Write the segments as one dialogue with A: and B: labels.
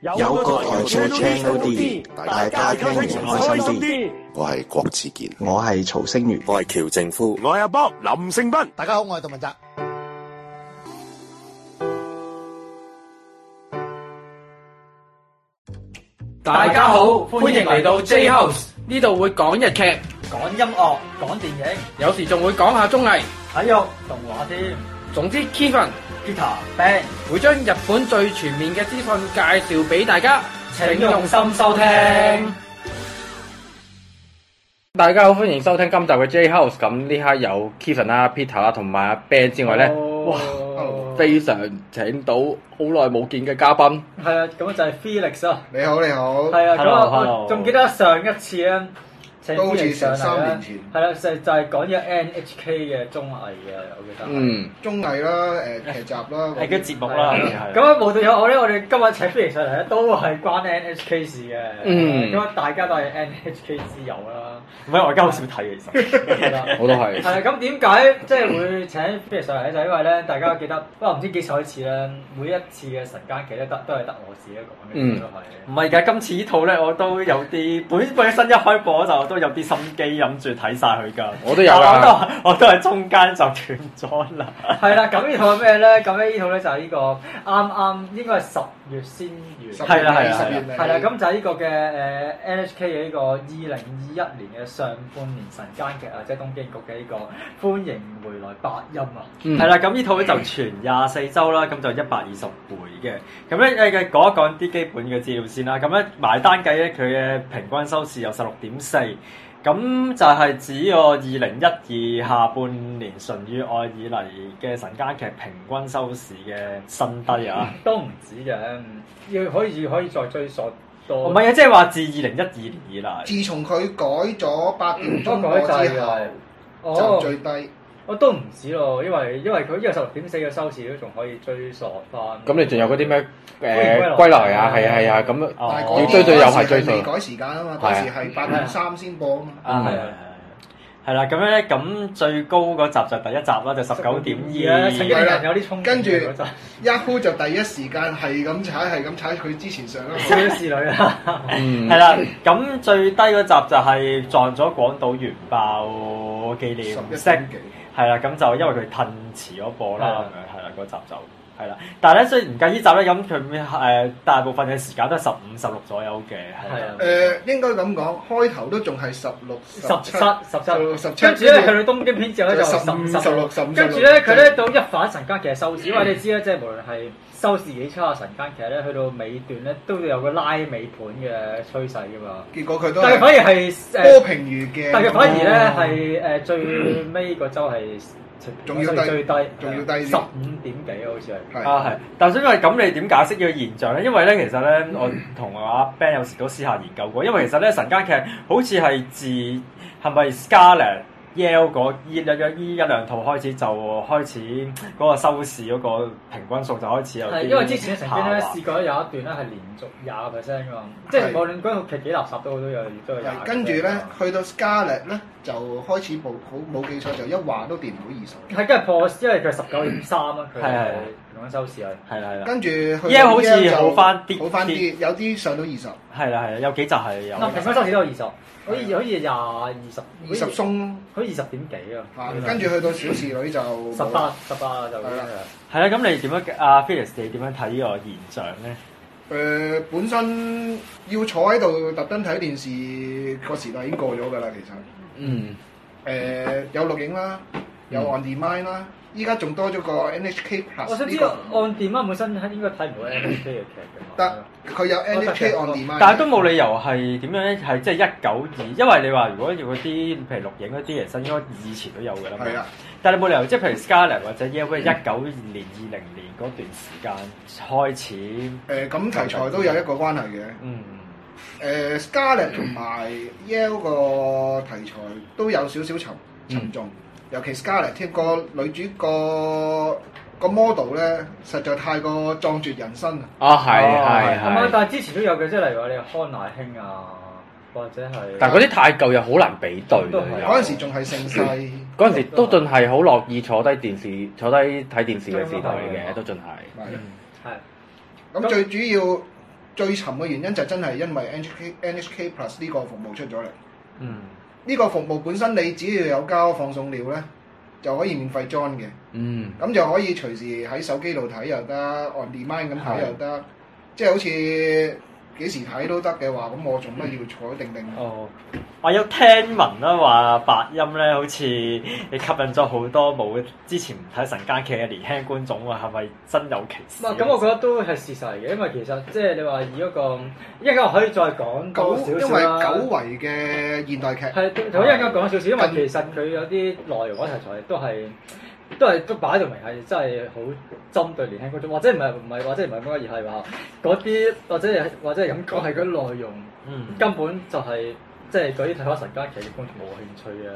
A: 有個台 Channel D 聽多啲，大家聽完開心啲。
B: 我係郭子健，我係曹星如，我係喬正夫，我係阿 Bob 林勝斌，大家好，我係杜文澤。大家好，歡迎嚟到 J House，呢度會講日劇、講音樂、講電影，有時仲會講下綜藝、體育、動畫添。總之，Kevin、Peter、Ben 會將日本最全面嘅資訊介紹俾大家，請用心收聽。收聽大家好，歡迎收聽今集嘅 J-House。咁呢刻有 Kevin 啊、Peter 啊同埋 Ben 之外咧，oh. 哇，非常請到好耐冇見嘅嘉賓。係、oh. 啊，咁就係 Felix 啊。你好，你好。係啊仲 Hello, hello. 記得上一次啊。都好似上三年前，係啦，就就係講咗 NHK 嘅綜藝嘅，我記得。嗯，綜藝啦，誒劇集啦，係啲節目啦。咁啊，無聊我咧，我哋今日請 Felix 嚟上嚟咧，都係關 NHK 事嘅。嗯。咁大家都係 NHK 之友啦。唔係，我而家好少睇嘅，其實。我都係。係咁點解即係會請 Felix 嚟上嚟咧？就因為咧，大家記得不過唔知幾多次啦，每一次嘅晨間劇都得都係得我自己講嘅都係。唔係㗎，今次呢套咧，我都有啲本本身一開播就都。有啲心機，諗住睇晒佢噶。啊啊、我都有、啊、我都我係中間就斷咗啦。係啦，咁然後咩咧？咁咧呢套咧就係呢、這個啱啱應該係十月先完。係啦係啦，係啦。咁就係呢個嘅誒 NHK 嘅呢個二零二一年嘅上半年晨間劇啊，即係東京局嘅呢、呢個歡迎回來百音啊。係啦、嗯，咁呢套咧就全廿四周啦，咁就一百二十倍嘅。咁咧誒講一講啲基本嘅資料先啦。咁咧埋單計咧，佢嘅平均收視有十六點四。咁就係指我二零一二下半年《純與愛》以嚟嘅晨間劇平均收視嘅新低啊，都唔止嘅，要可以可以再追溯多。唔係啊，即係話自二零一二年以嚟，自
C: 從佢改咗八點改個之後、 就係、
B: 就最低。哦我都唔止咯，因為因為佢因為十六點四嘅收視都仲可以追索翻。咁你仲有嗰啲咩誒歸來啊？係係啊，咁要追對又係追對。改時間啊嘛，當時係八點三先播啊嘛。啊係係係。係啦，咁咧咁最高嗰集就第一集啦，就十九點二啦。有啲衝。
C: 跟住 Yahoo 就第一時間係咁踩係咁踩佢之前上啊。士女啦。嗯，
B: 係啦。咁最低嗰集就係撞咗廣島原爆紀念。一星係啦，咁就因為佢褪遲咗播啦，咁樣係啦，個 了 集就。係啦，但係咧，雖然唔計呢集咧，咁佢誒大部分嘅時間都係十五、十六左右嘅。係
C: 啊。誒的、呃，應該咁講，開頭都仲係十六、十七、十七，跟住咧去到東
B: 京篇之後咧就十五、十六、十五，跟住咧佢咧到一反晨間劇收視，因為、嗯、你知啦，即係無論係收視幾差晨間劇咧，去到尾段咧都會有個拉尾盤嘅趨勢噶嘛。結果佢都，但係反而係波平餘嘅，呃哦、但係反而咧係誒最尾個周係、嗯。仲要低，仲低要低，十五點幾好似係。是啊，係，但所以因為咁，你點解釋呢個現象咧？因為咧，其實咧，我同阿 Ben 有時都私下研究過，因為其實咧，晨間劇好似係自係咪 Scarlet Yo l 二兩兩二一兩套開始就開始嗰個收視嗰個平均數就開始有因之啲下滑。試過有一段咧係連續廿個 percent 嘅，即係無論嗰個劇幾垃圾都好都有都有。跟住咧去到 Scarlet 咧就開
C: 始冇冇冇記錯就一劃都跌唔到二十。
B: 係跟住破，因為佢十九點三啊。係係。兩蚊收視啊！係啦係啦，跟住依家好似好翻啲，好翻啲，有啲上到二十。係啦係啦，有幾集係有。兩蚊收幾多二十，可以可以廿二十二十鬆，可以二十點幾啊！跟住去到小侍女就十八十八就。係啦。係啦，咁你點樣阿 Felix 你點樣睇依個現象咧？
C: 誒，本身要坐喺度特登睇電視個時代已經過咗㗎啦，其實。嗯。誒，有錄影啦，有 On Demand 啦。依家仲多咗個 NHK Plus 我
B: 想知 On Demand 本身應該睇唔到 NHK 嘅劇嘅嘛？得佢有 NHK On Demand、哦，on demand 但係都冇理由係點樣咧？係即係一九二，因為你話如果要嗰啲，譬如錄影嗰啲，其實應該以前都有嘅啦。係啊的，但你冇理由，即係譬如 Scarlet 或者 Yellow 一九年二零年嗰段時間開始、呃。誒，咁題材都有一個關係嘅。嗯。
C: 誒、呃、，Scarlet 同埋 Yellow 個題材都有少少沉沉重。嗯嗯尤其是 Scarlet 添，個女主角、個 model 咧，
B: 實在太過壯絕人生啦！啊、哦，係係係。唔係，但係之前都有嘅，即係例如話你康乃馨啊，或者係。但係嗰啲太舊又好難比對。都係是。嗰陣有時仲係盛世。嗰陣時，都仲係好樂意坐低電視，坐低睇電視嘅時代嘅，嗯、都仲係。係。
C: 咁最主要最沉嘅原因就真係因為 NHK NHK Plus 呢個服務出咗嚟。嗯。呢個服務本身你只要有交放送料咧，就可以免費 join 嘅。嗯，咁就可以隨時喺手機度睇又得，on demand 咁睇又得，的即係好似。幾時睇都得嘅話，咁我做乜要坐
B: 定定？哦，我有聽聞啦，話百音咧，好似你吸引咗好多冇之前唔睇晨間劇嘅年輕觀眾喎，係咪真有其事？咁、嗯、我覺得都係事實嚟嘅，因為其實即係你話以一、那個，一陣間可以再講多少少因為久
C: 違嘅現代
B: 劇係，我一陣間講少少，嗯、因為其實佢有啲內容嗰啲題材都係。都係都擺到明係真係好針對年輕觀眾，或者唔係唔係，或者唔係咁講，而係話嗰啲或者係或者係咁講，係啲、嗯、內容、
C: 嗯、根
B: 本就係即係對於睇開晨間劇嘅觀眾冇興趣嘅，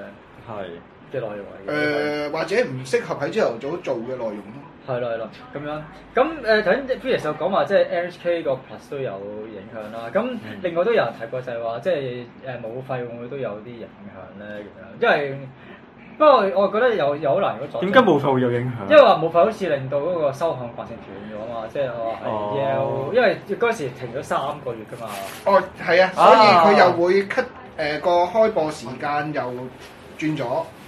B: 係嘅、嗯、內容。誒、呃、
C: 為或者唔適合喺朝頭早做嘅內容
B: 咯。係咯，係咯咁樣。咁誒頭先 Felix 講話即係 NHK 個 Plus 都有影響啦。咁另外都有人提過就係話即係誒冇費用會都有啲影響咧，因為。因為不過我覺得又又好難，如果點解無份會有影響？因為話無份好似令到嗰個收看慣性斷咗嘛，即係話要，哦、因為嗰時停咗三個月㗎嘛。哦，係啊，所以佢又
C: 會 cut 誒、呃、個開播時間，又轉咗，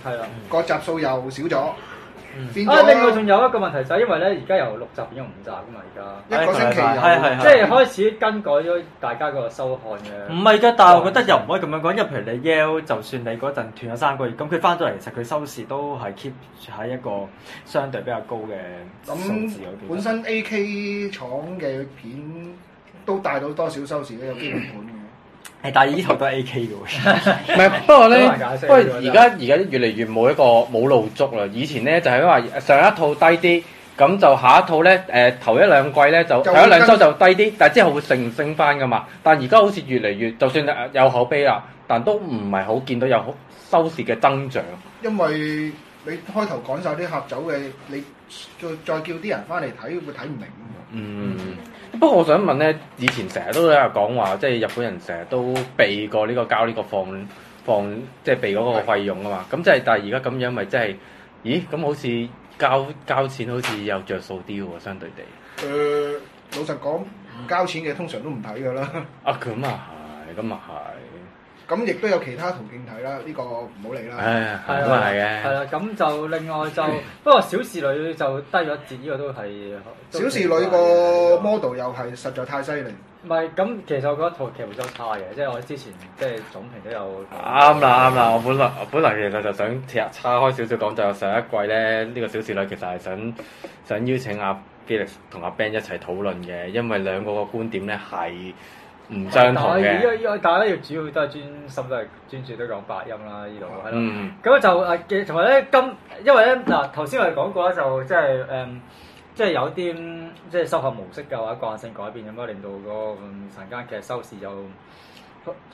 B: 係啦、啊，個、嗯、集數又少咗。啊！另外仲有一個問題就係因為咧，而家由六集變咗五集噶嘛，而家一個星期，即係開始更改咗大家個收看嘅。唔係㗎，但係我覺得又唔可以咁樣講，因為譬如你 Yell，就算你嗰陣斷咗三個月，咁佢翻到嚟，其實佢收視都係 keep 喺一個相對比較高嘅收視嗰邊。本身
C: AK 廠嘅片都帶到多少收視咧？有基本盤。
B: 係，但係依套都係 AK 嘅喎。唔係，不過咧， 不過而家而家越嚟越冇一個冇露足啦。以前咧就係、是、話上一套低啲，咁就下一套咧，誒、呃、頭一兩季咧就頭跟一兩週就低啲，但係之後會成升翻噶嘛。但係而家好似越嚟越，就算有口碑啊，但都唔係好見到有好收視嘅增長。
C: 因為你開頭趕曬啲客走嘅，你再再叫啲人翻嚟睇會睇唔明，
B: 嗯，嗯，不過我想問咧，以前成日都有講話，即係日本人成日都避過呢個交呢個放放，即係避嗰個費用啊嘛。咁即係，但係而家咁樣咪即係，咦？咁好似交交錢好似又着數啲喎，相對地。誒、
C: 呃，老實講，唔交錢嘅通常都唔睇㗎啦。
B: 啊，咁啊，係，咁啊係。咁亦都有其他途徑睇啦，呢、這個唔好理啦，都係嘅。係啦，咁就另外就 不過小侍女就低咗一截，呢、這個都係。都小侍女 model、這個 model 又係實在太犀利。唔係，咁其實我覺得套劇目都差嘅，即係我之前即係總評都有。啱啦啱啦，我本來我本來其實就想拆叉開少少講，就上一季咧呢、這個小侍女其實係想想邀請阿 Felix 同阿 Ben 一齊討論嘅，因為兩個個觀點咧係。唔真係嘅，但係要要，但要主要都係專心都，都係專注都講百音啦，嗯、呢度，係咯。咁咧就誒，同埋咧今，因為咧嗱，頭先我哋講過咧，就即係誒，即、嗯、係、即係、有啲即係收看模式嘅話，慣性改變咁樣，令到、嗰個、嗯、晨間劇收視就。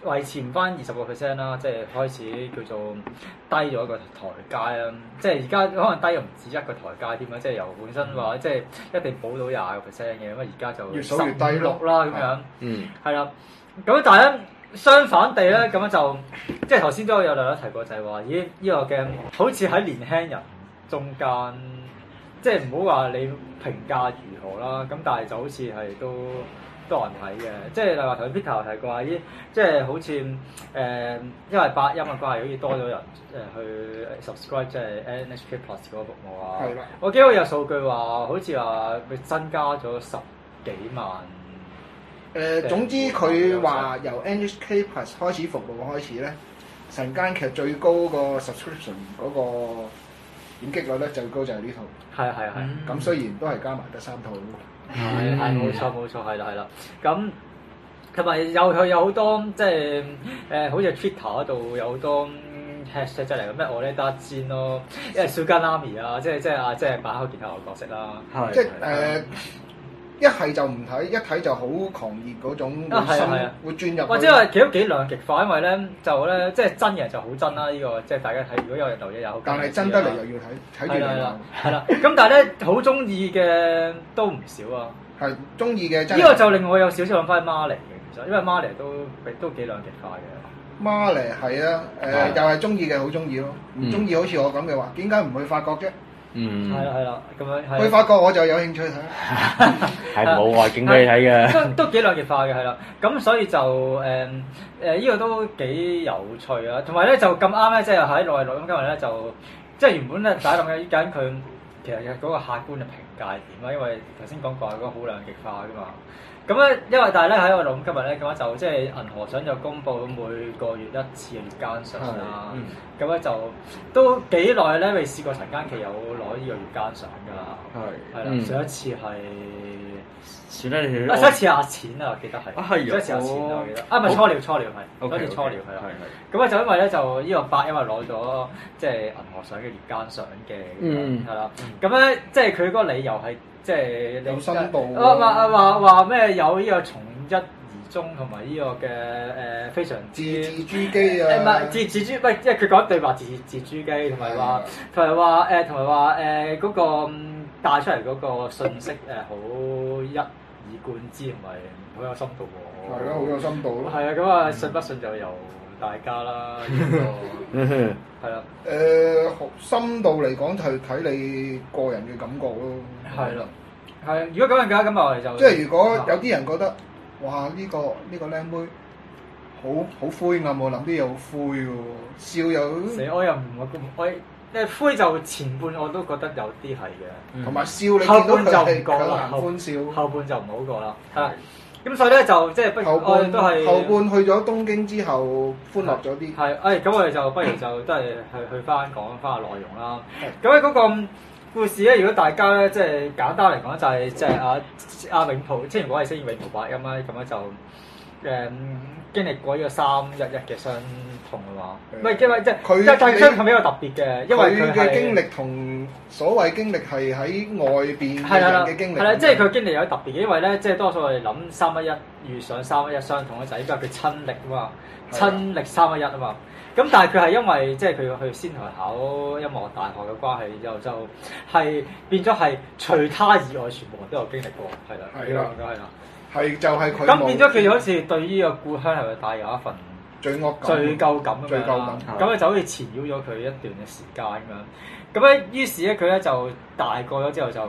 B: 維持翻二十個 percent 啦，即係開始叫做低咗一個台階啦。即係而家可能低咗唔止一個台階添啦，即係由本身話即係一定保到廿個 percent 嘅，咁啊而家就越數越低落啦，咁樣。嗯。係啦。咁啊，但係相反地咧，咁樣就即係頭先都有兩位提過，就係話咦呢個嘅好似喺年輕人中間，即係唔好話你評價如何啦。咁但係就好似係都。多人睇嘅，即係例如話同 Peter 提過啲，即係好似誒、呃，因為八音啊關係，好似多咗人誒、呃、去 subscribe 即係 NHK Plus 嗰個服務啊。係啦，的我記得有數據話，好似話佢增加咗十幾萬。
C: 誒、呃、總之佢話由 NHK Plus 開始服務開始咧，成間其實最高個 subscription 嗰個點擊率咧，最高就係呢
B: 套。係啊係啊係，
C: 咁、嗯、雖然都係加埋
B: 得三套。係，係冇錯，冇錯，係啦，係啦，咁同埋有佢有好多，即係誒，好似 Twitter 嗰度有好多 hashtag 出嚟㗎咩。我咧打尖咯，因為小家媽咪啊，即係即係啊即係擺開其他嘅角色啦，即係
C: 誒。一係就唔睇，一睇就好狂熱嗰種會深，
B: 鑽入去、啊啊啊、或者係幾多幾兩極化，因為咧就咧、就係呢個、即係真人就好真啦。呢個即係大家睇，如果有日留意又好。但係真得嚟又要睇睇住。係啦係啦，咁但係咧好中意嘅都唔少啊。係中意嘅。呢個就令我有少少諗翻 Marley 嘅，其實因為 Marley 都都幾兩極化嘅。
C: Marley 係啊，誒又係中意嘅，好中意咯。唔中意好似我咁嘅話，點解唔會發覺啫？
B: 嗯，係啦，係啦，咁樣，佢發覺
C: 我就有興趣，
B: 係冇外景俾你睇嘅，都都幾兩極化嘅，係啦，咁所以就誒誒，依、嗯呃呢個都幾有趣啊，同埋咧就咁啱咧，即係喺內地咁今日咧就，即係原本咧大家諗緊佢其實嘅嗰個客觀嘅評價係點啊？因為頭先講過係講好兩極化嘅嘛。咁咧，因為但係咧喺我諗，今日咧咁樣就即係銀河賞就公布每個月一次嘅月間賞啦。咁咧就都幾耐咧未試過晨間劇有攞呢個月間賞㗎啦。係。係啦，上一次係。上一次啊錢啊記得係。啊上一次有錢我記得。啊咪初了初了係。OK OK。嗰次初了係啦。咁啊就因為咧就呢個八因為攞咗即係銀河賞嘅月間賞嘅。嗯。係啦。咁咧即係佢嗰個理由係。即係有深度喎、哦！話話話話咩？有呢個從一而終，同埋呢個嘅誒非常之字字珠璣啊！唔係字字珠，唔係即係佢講對白字字珠璣，同埋話同埋話誒，同埋話誒嗰個帶出嚟嗰個信息誒，好一以貫之，同埋好有深度喎、哦！係咯， 好有深度。係啊，咁 啊，信不信就由嗯大家啦，
A: 嗯
C: 哼，係啦。誒，深度嚟講就係睇你個人嘅感覺咯。係啦，
B: 係。如果咁樣嘅話，咁我嚟就即係如果有
C: 啲人覺得，哇！呢個呢個靚妹，好好灰啊！我諗啲嘢好灰喎。笑又死，我又唔
B: 我即誒灰就前半我都覺得有啲係嘅，同埋笑你後半就唔講啦。後笑後半就唔好過啦。係。咁所以咧就即係不如，後半都係後半去咗東京之後，歡樂咗啲。係，誒咁我哋就不如就都係去去翻講翻下內容啦。咁喺嗰個故事咧，如果大家咧即係簡單嚟講，就係，啊啊、就係即係阿阿永浦，雖然我係聲演永浦百音咁啦，咁樣就誒經歷過呢個三一一嘅傷。同嘅話，唔係即係即係佢，嘅。因為佢嘅經歷
C: 同所謂經歷係喺外邊嘅人嘅經
B: 歷，係啦，即係佢經歷有特別嘅，因為咧，即係多數我哋諗三一一遇上三一一相同嘅仔，因為佢親歷啊嘛，親歷三一一啊嘛，咁但係佢係因為即係佢去仙台考音樂大學嘅關係，之後就係變咗係除他以外全部都有經歷過，係啦，係啦，係啦，係就係佢咁變咗佢好似對於個故鄉係咪帶有一份罪惡感，罪疚感咁樣啦，咁咧就好似纏繞咗佢一段嘅時間咁樣。咁咧，於是咧，佢咧就大個咗之後就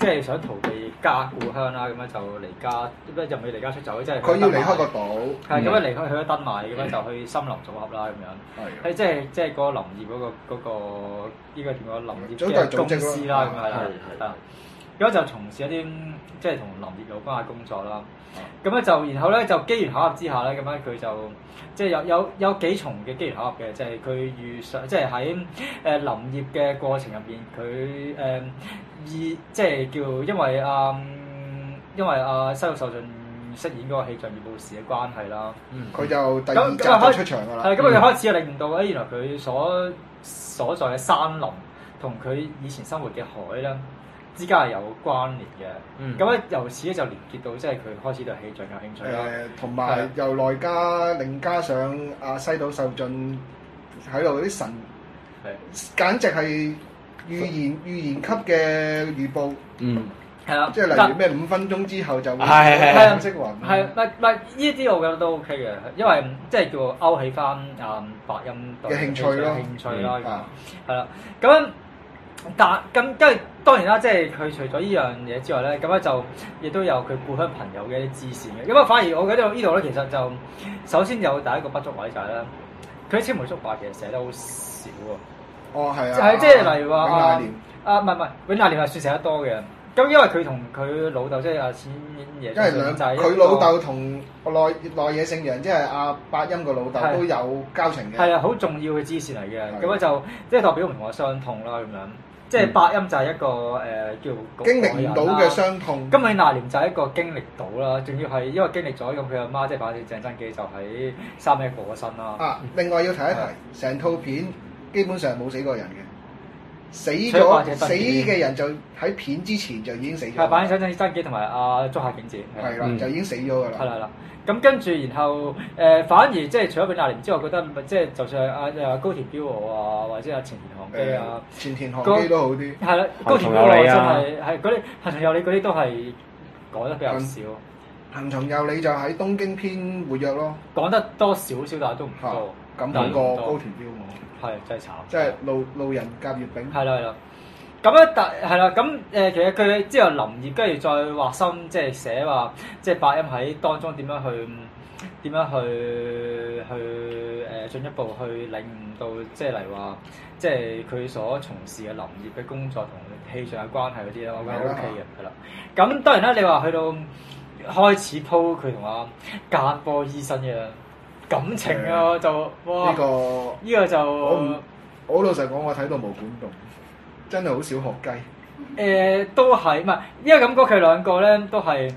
B: 即係、就是、想逃避家故鄉啦，咁樣、嗯、就離家，咁咧就又未離家出走，即係佢要離開個
A: 島。係咁樣離
B: 開去咗登米，咁樣、嗯、就去森林組合啦，咁樣係、嗯、即係即係嗰個林業嗰、嗰個呢、嗰個依、嗰個點講林業嘅公司啦，咁係啦。咁咧就從事一啲即係同林業有關嘅工作啦。咁咧就，然後咧就機緣巧合之下咧，咁咧佢就即係、就是、有有有幾重嘅機緣巧合嘅，即係佢遇上，即係喺誒林業嘅過程入邊，佢誒意即係叫因、嗯，因為啊因為啊西島秀俊飾演嗰個氣象預報士嘅關係啦、嗯，嗯，佢就第二集就出場噶啦，係咁佢開始就令到咧，原來佢所所在嘅山林同佢以前生活嘅海啦，之間係有關聯嘅，咁咧由此咧就連結到即係佢開始對氣象有興趣啦。誒，同埋
C: 由內加另加上阿西島秀俊喺度嗰啲神，係簡直係預言預言級嘅預報。
B: 嗯，
C: 係啦，即係例如咩五分鐘之後就會變色雲。係
B: 咪咪呢啲我覺得都 OK 嘅，因為即係叫勾起翻阿百音度嘅興趣咯，興趣咯，係啦，咁。但咁，因為當然啦，即係佢除咗呢樣嘢之外咧，咁咧就亦都有佢故鄉朋友嘅啲支線嘅。咁啊，反而我覺得呢度咧，其實就首先有第一個不足位就係咧，佢喺青梅竹馬其實寫得好少喎。哦，係啊，係即係例如話啊，唔係唔係，永瀨廉係算寫得多嘅。咁因為佢同佢老豆即係阿淺野爺，即係兩仔，佢老豆
C: 同內內野聖陽，即
B: 係阿百音個老豆都有交情嘅。係啊，好重要嘅支線嚟嘅。咁啊就即係代表唔同嘅傷痛啦，咁樣。即係百音就係一個誒、呃、叫經歷唔到嘅傷痛，今你那年就係一個經歷到啦，仲要係因為經歷咗用佢阿媽即係把隻正珍妮就喺三一一過咗身啦。啊，
C: 另外要提一提，成是套片基本上冇死過
B: 人嘅。死咗死嘅人
C: 就喺片之前就已經死咗。係扮演
B: 小正生機同埋阿竹下景子。係啦，了就已經死咗噶啦。係啦啦。咁跟住然後誒、呃、反而即係除咗俾大玲之外，覺得即係就算阿阿高田彪我啊，或者阿、啊、前田航基啊，前田航基都好啲。係啦，高田彪我真係係嗰啲行蟲有你嗰啲
C: 都係講得比較少。行蟲有你就喺東京篇活躍咯，
B: 講得多少少，但係都唔多。咁比過高田彪我係，真係慘！即係路路人甲乙丙，係啦，係啦。咁咧，但係啦，咁誒，其實佢之後林業，跟住再畫心，即係寫話，即係百音喺當中點樣去點樣去去誒、呃，進一步去領悟到，即係嚟話，即係佢所從事嘅林業嘅工作同氣象嘅關係嗰啲咧，了我覺得 OK 嘅，係啦了。咁當然啦，你話去到開始鋪佢同阿間波醫生嘅。感情啊，就呢、這個呢個就我唔我老實講，
C: 我睇到冇管動，真係好少學雞。
B: 誒、呃，都係唔係？呢個感覺佢兩個咧都係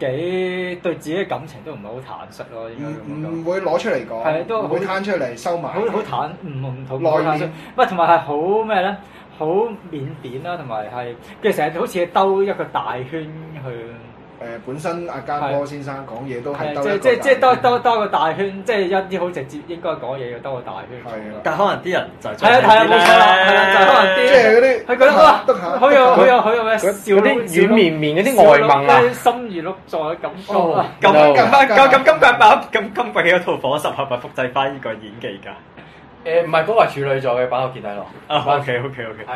B: 幾對自己嘅感情都唔係好坦率咯。應該咁講，唔唔會攞出嚟講，唔會攤出嚟收埋。不不面好好坦
C: 唔唔同內涵。唔
B: 坦率，同埋係好咩咧？好腼腆啦，同埋係，佢成日好似兜一個大圈去。嗯誒本身阿家哥先
C: 生講嘢都係即係即係即
B: 係兜兜兜個大圈，即係一啲好直接，應該講嘢要兜個大圈。係但可能啲人就係啊，係啊，冇錯啦，係啊，就可能啲即係嗰啲係嗰啲好有好有好有咩笑啲軟綿綿嗰啲外貌，心如碌座嘅感受。咁咁翻咁咁今咁今屆嘅一套火十係咪複製翻呢個演技㗎？誒唔係嗰個處女座嘅版《我見底羅》。哦，OK OK OK。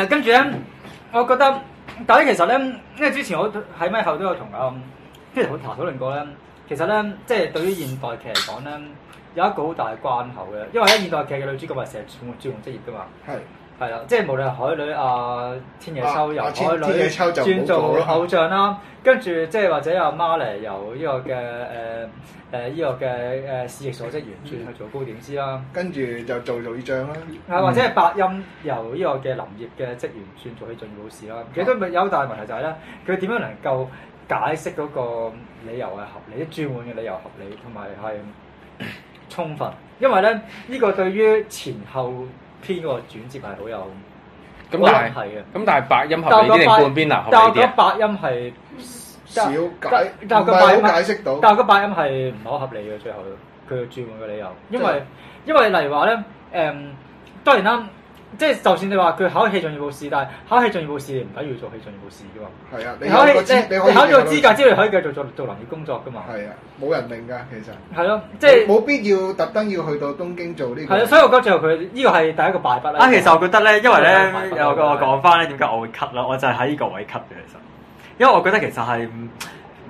B: 係誒，跟住咧，我覺得。但係其實咧，因為之前我喺咪後都有同阿即係同我談討論過咧，其實咧，即係對於現代劇嚟講咧，有一個好大嘅關口嘅，因為喺現代劇嘅女主角係成日轉換轉換職業㗎嘛。係。係啦，即係無論係海女、啊、天野秋由海女轉做偶像啦，嗯、跟住即係或者阿媽嚟由呢個嘅誒誒呢個嘅誒市役所職員轉去做高點師啦，嗯嗯、
C: 跟住就做做女將啦，啊、嗯、或者係
B: 百音由呢個嘅林業嘅職員轉做去做股市啦。嗯、其實都有一大問題就係咧，佢點樣能夠解釋到個理由係合理，啲轉換嘅理由合理同埋係充分，因為咧呢、呢個對於前後。偏個轉折係好有咁關係嘅，咁但係百音合理定白半邊難合理啲？但嗰百音係少解，但係好不解釋到。但嗰百音係唔係好合理嘅，最後佢嘅轉換嘅理由，因為因為例如話咧，誒、嗯、當然啦。即係就算你話佢考氣象預報士，但係考氣象預報士，唔緊要做氣象預報士噶嘛。係啊，你考氣即你考咗個資格之後，可以繼續做做臨業工作噶嘛。係啊，冇人明㗎其
C: 實。係咯，即係冇必要特登要去到東京做呢個。係啊，
B: 所以我覺得最後佢呢個係第一個敗筆啦。啊，其實我覺得咧，因為咧，我我講翻咧點解我會 cut 咯，我就係喺呢個位 cut 嘅其實，因為我覺得其實係。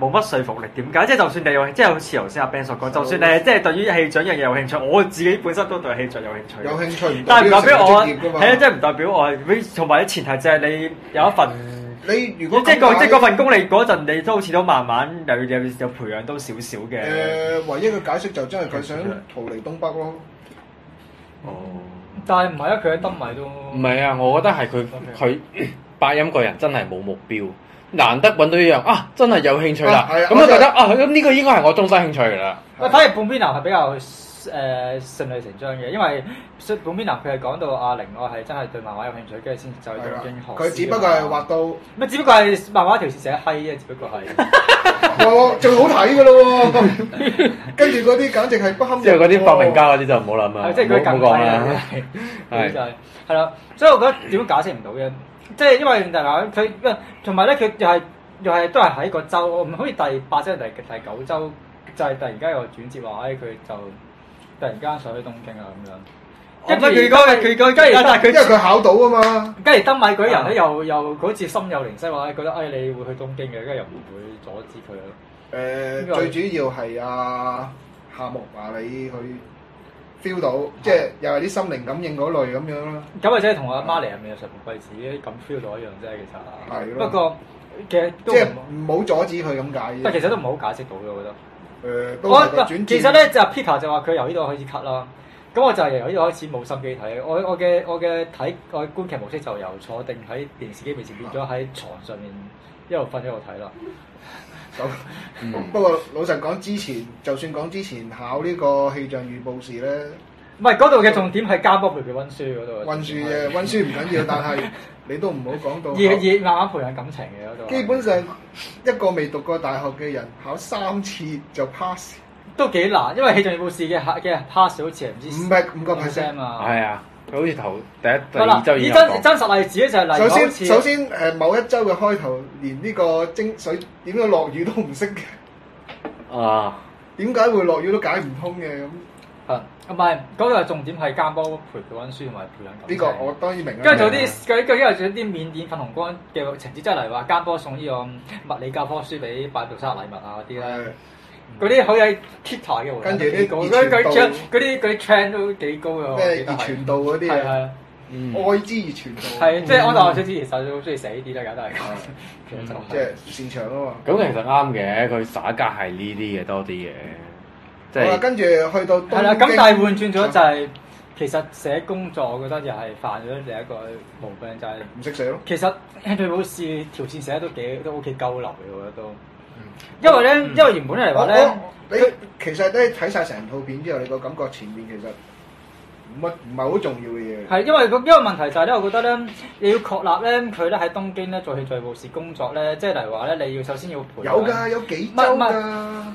B: 冇乜說服力，點解？即係就算你有，即係好似頭先阿 Ben 所講，就算你即係對於氣象一樣嘢有興趣，我自己本身都對氣象有興趣。有興趣，但係唔代表我，係啊，即係唔代表我。同埋前提就係你有一份，你如果即係嗰即係份工，你嗰陣你都好似都慢慢有有有培養到少少嘅。誒，唯一
C: 嘅解釋就真
B: 係佢想逃離東北咯。哦，但係唔係啊？佢喺德米都唔係啊！我覺得係佢佢百音個人真係冇目標。難得揾到一樣啊！真係有興趣啦，咁我覺得啊，咁呢個應該係我終身興趣㗎啦。反而《半邊男》係比較誒順理成章嘅，因為《半邊男》佢係講到阿玲，我係真係對漫畫有興趣，跟住先就去讀京學。佢只不過係畫到，唔係只不過係漫畫條線寫閪啫，只不過係。
C: 我
B: 最好睇㗎咯喎，
C: 跟住嗰啲簡直
B: 係不堪。即係嗰啲發明家嗰啲就唔好諗啦嘛，唔好講啦，嗰啲就係係啦，所以我覺得點樣解釋唔到嘅。即係因為原來佢，同埋咧佢又係又係都係喺個州，唔好似第八州、第第九州，就係、是、突然間又轉折話，唉，佢就突然間想去東京啊咁樣。因
C: 為佢考到
B: 啊嘛，跟住登米嗰人咧又又，又好似心有靈犀，話覺得唉、哎、你會去東京嘅，跟住又唔會阻止佢咯。
C: 誒、呃，該最主要
B: 係阿夏木
C: 話你去。feel 到，即係又係啲心靈感應嗰類咁、嗯、樣咯。
B: 咁或者同阿媽嚟係咪有神乎費事咧咁 feel 到一樣，啫，其實的。係咯。不過
C: 其實即係唔好阻止佢咁解。但其實都唔係
B: 好解釋到嘅，我覺得。誒、嗯，都係個轉折。其實咧就、嗯、Peter 就話佢由呢度開始 cut 啦。咁我就係由呢度開始冇心機睇。我我嘅我嘅睇我觀劇模式就由坐定喺電視機面前變咗喺床上面一路瞓一路睇啦。嗯嗯
C: 咁 不過老實講，之前就算講之前考個氣呢個氣象預報士咧，唔係嗰度嘅重點，係加波陪嘅溫書嗰度。是是溫書嘅溫書唔緊要，但係你都唔好講到熱熱
B: 慢慢培養感情嘅度。基本上一個未讀過大學嘅人考三次就 pass， 都幾難，因為氣象預報士嘅嘅 pass 好似係唔知唔係五個 percent 啊。係啊。 好似頭第一、吧第二週嘢講。依真真實例子就係黎。首先首
C: 先誒某一周嘅開頭，連呢個蒸水點樣落雨都唔識嘅。啊！點解會落雨都解唔
B: 通嘅咁？啊啊唔係，嗰、嗰個重點係間波陪佢溫書同埋培養感情。呢
C: 個我當然明。跟住做啲，
B: 跟住仲有啲緬甸粉紅光嘅情節，即係例如話間波送呢個物理教科書俾百音做生日禮物啊嗰啲咧。嗰啲可以 kit 台嘅，我覺得啲熱傳度嗰啲嗰啲 chain 都幾高㗎，即咩熱傳度嗰啲啊？愛之熱傳度。係，即係我同小志以前耍都好中意寫呢啲啦，簡單嚟講。其實即係擅長啊嘛。咁其實啱嘅，佢耍家係呢啲嘅多啲嘅。我話跟住去到。係啦，咁但係換轉咗就係，其實寫工作，我覺得又係犯咗另一個毛病，就係唔識寫咯。其實 Andy 老師條線寫得都幾都 O K，交流嘅，我覺得都。
C: 因為咧，嗯、因為原本嚟話咧，公他
B: 你其實咧睇晒
C: 成套片之後，你個感覺前面其實唔係唔係好重要嘅嘢。
B: 係因為一個因為問題就係咧，我覺得咧，你要確立咧佢咧喺東京咧做起在護士工作咧，即係例如話咧，你要首先要培養。有噶，有幾周噶。唔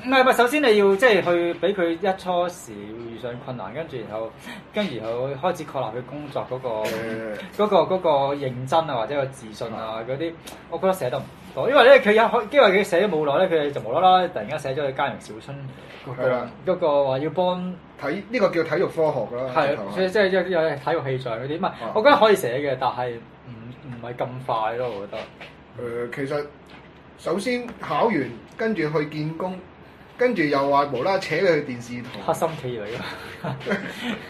B: 係唔係，首先你要即係去俾佢一初時遇上困難，跟住然後跟住然，然後開始確立佢工作嗰、嗰個嗰、嗯嗰個、嗰個嗰個認真啊，或者個自信啊嗰啲，嗯、我覺得寫得唔。因為咧，佢有可機會佢寫咗冇耐咧，佢就無啦啦突然間寫咗去《家園小春、那
C: 個》
B: 係啦嗰個話要幫睇呢、這個叫體育科學啦，係即係即係有體育器材嗰啲嘛。的我覺得可以寫嘅，但係唔唔係咁快咯，我覺得。誒、呃，其實
C: 首先考完，跟住去見工，跟住又話無啦扯你去電視台，
B: 黑心企業嚟咯。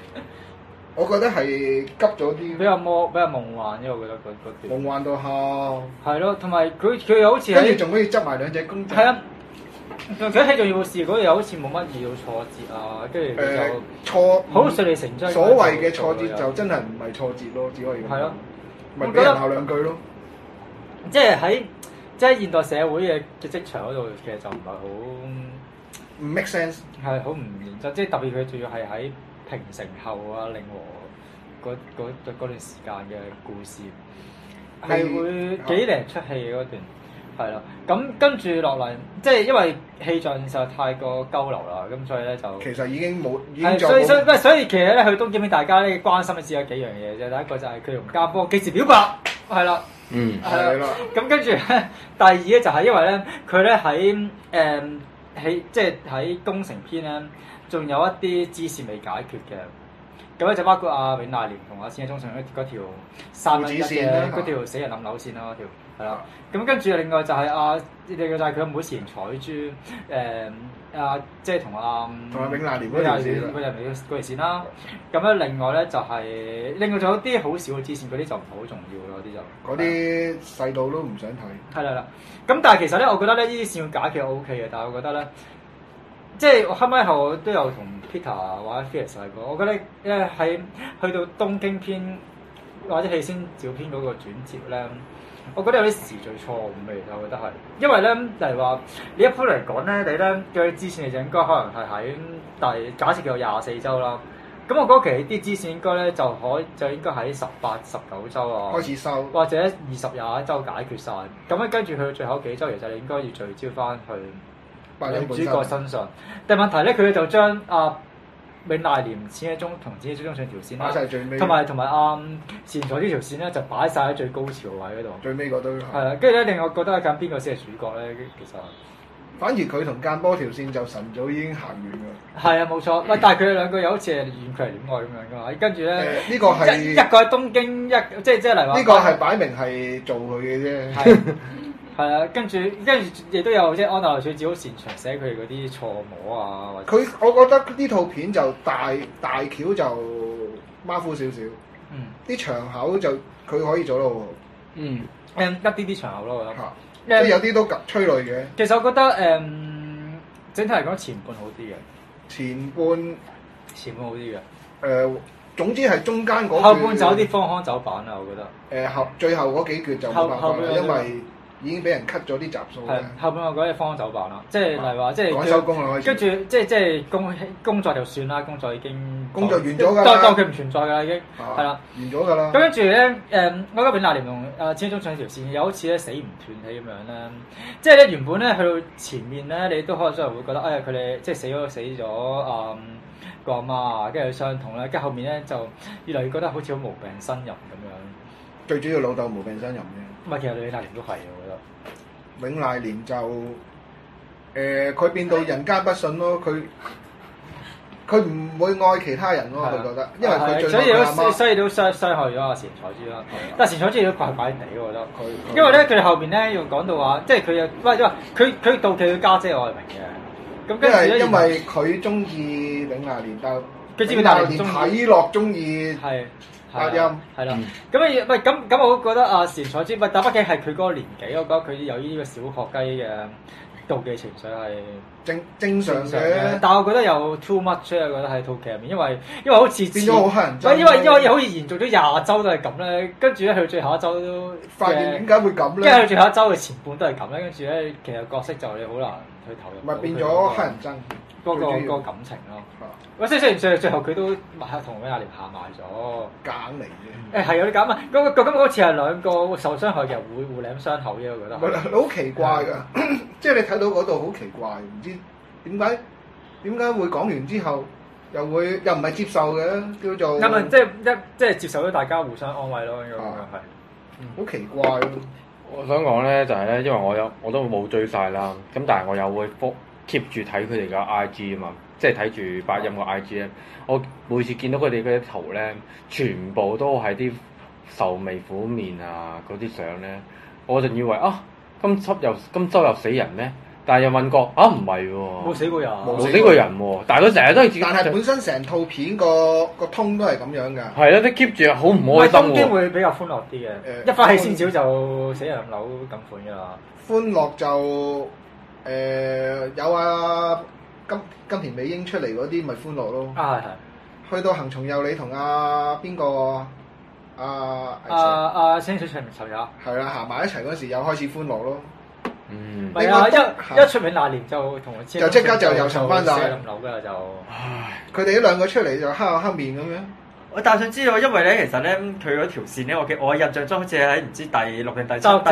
C: 我覺得係急咗啲，比較魔，
B: 比較夢幻啫。因為我覺得嗰嗰段。夢幻到嚇。係咯，同埋佢佢又好似喺。仲可以執埋兩隻公仔。係啊，佢喺一仲要事嗰又、那個、好似冇乜嘢要挫折啊，跟住佢就挫，
C: 好順理成章。所謂嘅挫折就真係唔係挫折咯，只可
B: 以。係咯了。咪俾人鬧兩句咯即。即係喺即係現代社會嘅嘅職場嗰度，其實就唔係好唔 make sense。係好唔現實，即係特別佢仲要係喺。平成後啊，令和嗰段時間嘅故事係會幾靚出戲嗰段，係咯。咁跟住落嚟，即係因為氣象就太過交流啦，咁所以咧就其實已經冇，已經所以所以其實咧，去東京，畀大家咧關心嘅只有幾樣嘢啫。第一個就係佢同家波幾時表白？係啦。嗯，係啦。咁跟住第二咧，就係因為咧，佢咧喺誒喺即係喺宮城篇咧。仲有一啲支線未解決嘅，咁咧就包括阿、啊、永大連同阿先一中上一嗰條三蚊一嘅嗰、啊、條死人冧樓線咯、啊，條係啦。咁、啊、跟住另外就係阿另外就係佢唔好前彩珠誒阿即係同阿同阿永大連嗰條線嗰條線啦。咁咧另外咧就係、是、另外仲有啲好少嘅支線，嗰啲就唔係好重要咯，嗰啲就嗰
C: 啲細到都唔想睇
B: 睇啦啦。咁但係其實咧，我覺得咧呢啲線解決我 OK 嘅，但係我覺得咧。即係我後尾後都有同 Peter 或者 Felix 講，我覺得咧喺去到東京篇或者戲先照片嗰個轉接咧，我覺得有啲時序錯誤嘅，其實，我覺得係，因為咧就係話你一般嚟講咧，你咧嘅支線其實應該可能係喺但第，假設佢有廿四周啦，咁我嗰期啲支線應該咧就可就應該喺十八、十九周啊，開始收，或者二十廿一周解決晒。咁樣跟住去到最後幾周，其實你應該要聚焦翻去，主角身上，但係問題咧，佢哋就將阿永大廉千億中同千億中上條線，擺晒最尾，同埋同埋阿神佐呢條線咧就擺晒喺最高潮位嗰度。最尾嗰堆係啦，跟住咧令我覺得咁邊個先係主角咧？其實反而佢同間波條線就神早已經行遠咗。係啊，冇錯。喂，但係佢哋兩個又好似係遠距離戀愛咁樣㗎，跟住咧。呢、欸這個係一一個喺東京，一即係即係嚟話。呢個係
C: 擺明係做佢嘅啫。是的
B: 係啊，跟住跟住亦都有即係安娜小子好擅長寫佢嗰啲錯摸啊！佢我覺得呢
C: 套片就大大橋就馬虎少少，嗯，啲場口就佢可以做到
B: 嗯，一啲啲場口咯，我覺得，啊、即有啲都催淚嘅。其實我覺得誒、嗯，整體嚟講前半好啲嘅，前半前半好啲嘅，誒、呃、總之係中間嗰後半就有啲方腔走板啦，我覺得。誒、
C: 呃、後最後嗰幾段就冇辦法，因為。已經俾人 cut 咗啲集數
B: 啦。係後邊我講嘢方走板啦，即係嚟話即係趕收工啦，開始。跟住即係即係工工作就算啦，工作已經工作完咗㗎。當佢唔存在㗎啦，已經係啦、啊、的完咗㗎啦。咁跟住咧誒，我覺得《永樂年龍》始終上條線，又好似咧死唔斷氣咁樣啦。即係咧原本咧去到前面咧，你都可能有人會覺得，哎呀佢哋即係死咗死咗啊、嗯、個阿媽跟住傷痛啦，跟住後面咧就越嚟越覺得好似好無病呻吟咁樣。
C: 最主要老豆無病呻吟嘅。
B: 唔其實永瀨
C: 廉都係啊！我覺得永瀨廉就誒，佢、呃、變到人間不信咯。佢佢唔會愛其他人咯。佢覺得，因為佢所以都所以都
B: 傷傷害咗阿前菜珠啦。是的 但善前菜珠亦都怪怪地，我覺得。佢因為咧，佢後邊咧又講到話，即係佢又唔係即係佢佢妒忌佢家姐，我係明嘅。咁跟住因為
C: 佢中意
B: 永瀨廉，但係永瀨廉睇落中意。係。係，係啦，咁啊，唔咁咁， 嗯、我覺得阿馮卓之唔但畢竟係佢嗰個年紀，我覺得佢有依啲嘅小學雞嘅妒忌情緒係正正常嘅，但係我覺得有 too much 啫，覺得喺套劇入面，因為因為好似變咗好乞人憎，因為因為好似延續咗廿周都係咁咧，跟住咧去到最後一周都發現點解會咁咧，因為佢最後一周嘅前半都係咁咧，跟住咧其實角色就你好難去投入，唔係變咗乞人憎。嗰個個感情咯，喂，所以雖然最最後佢都買同阿阿連下埋咗，揀嚟嘅，誒係啊你揀啊，嗰個嗰咁嗰次係兩個受傷害嘅人會互舐傷口啫，我覺得，唔係，好奇怪
C: 㗎，即係你睇到嗰度好奇怪，唔知點解點解會講完之後又會又唔係接受嘅，叫做，唔係
B: 即係一即係接受咗大家互相安慰咯，咁樣係，好奇怪咯，我想講咧就係咧，因為我有我都冇追曬啦，咁但係我又會覆。keep 住睇佢哋嘅 IG 啊嘛，即係睇住百音嘅 IG 咧。我每次見到佢哋嗰啲圖咧，全部都係啲愁眉苦面啊嗰啲相咧。我就以為啊，今輯又今週又死人咧，但係又問過，啊唔係喎，冇、啊、死過人，冇死過人喎、啊。人啊、但係佢成日都係，但係本身
C: 成套片個個通都係咁樣㗎。
B: 係啦，都 keep 住好唔開心喎、啊。冬天會比較歡樂啲嘅。誒、嗯，嗯、一翻去先草就死人樓咁款㗎啦、
C: 啊。歡樂就～誒、呃、有啊，今今田美櫻出嚟嗰啲咪歡樂咯，係係、啊。啊、去到恒松祐里你同阿邊個啊，
B: 阿阿清水出面巡友，係啊行埋、啊啊、一齊嗰時又開始歡樂咯。唔係啊，這個、一一出名那年就同 就即刻就又巡翻就。唉，
C: 佢哋啲兩個出嚟就黑黑面咁樣。
B: 我但想知道，因為咧其實咧佢嗰條線咧，我嘅我印象中好似喺唔知第六定第七，就是、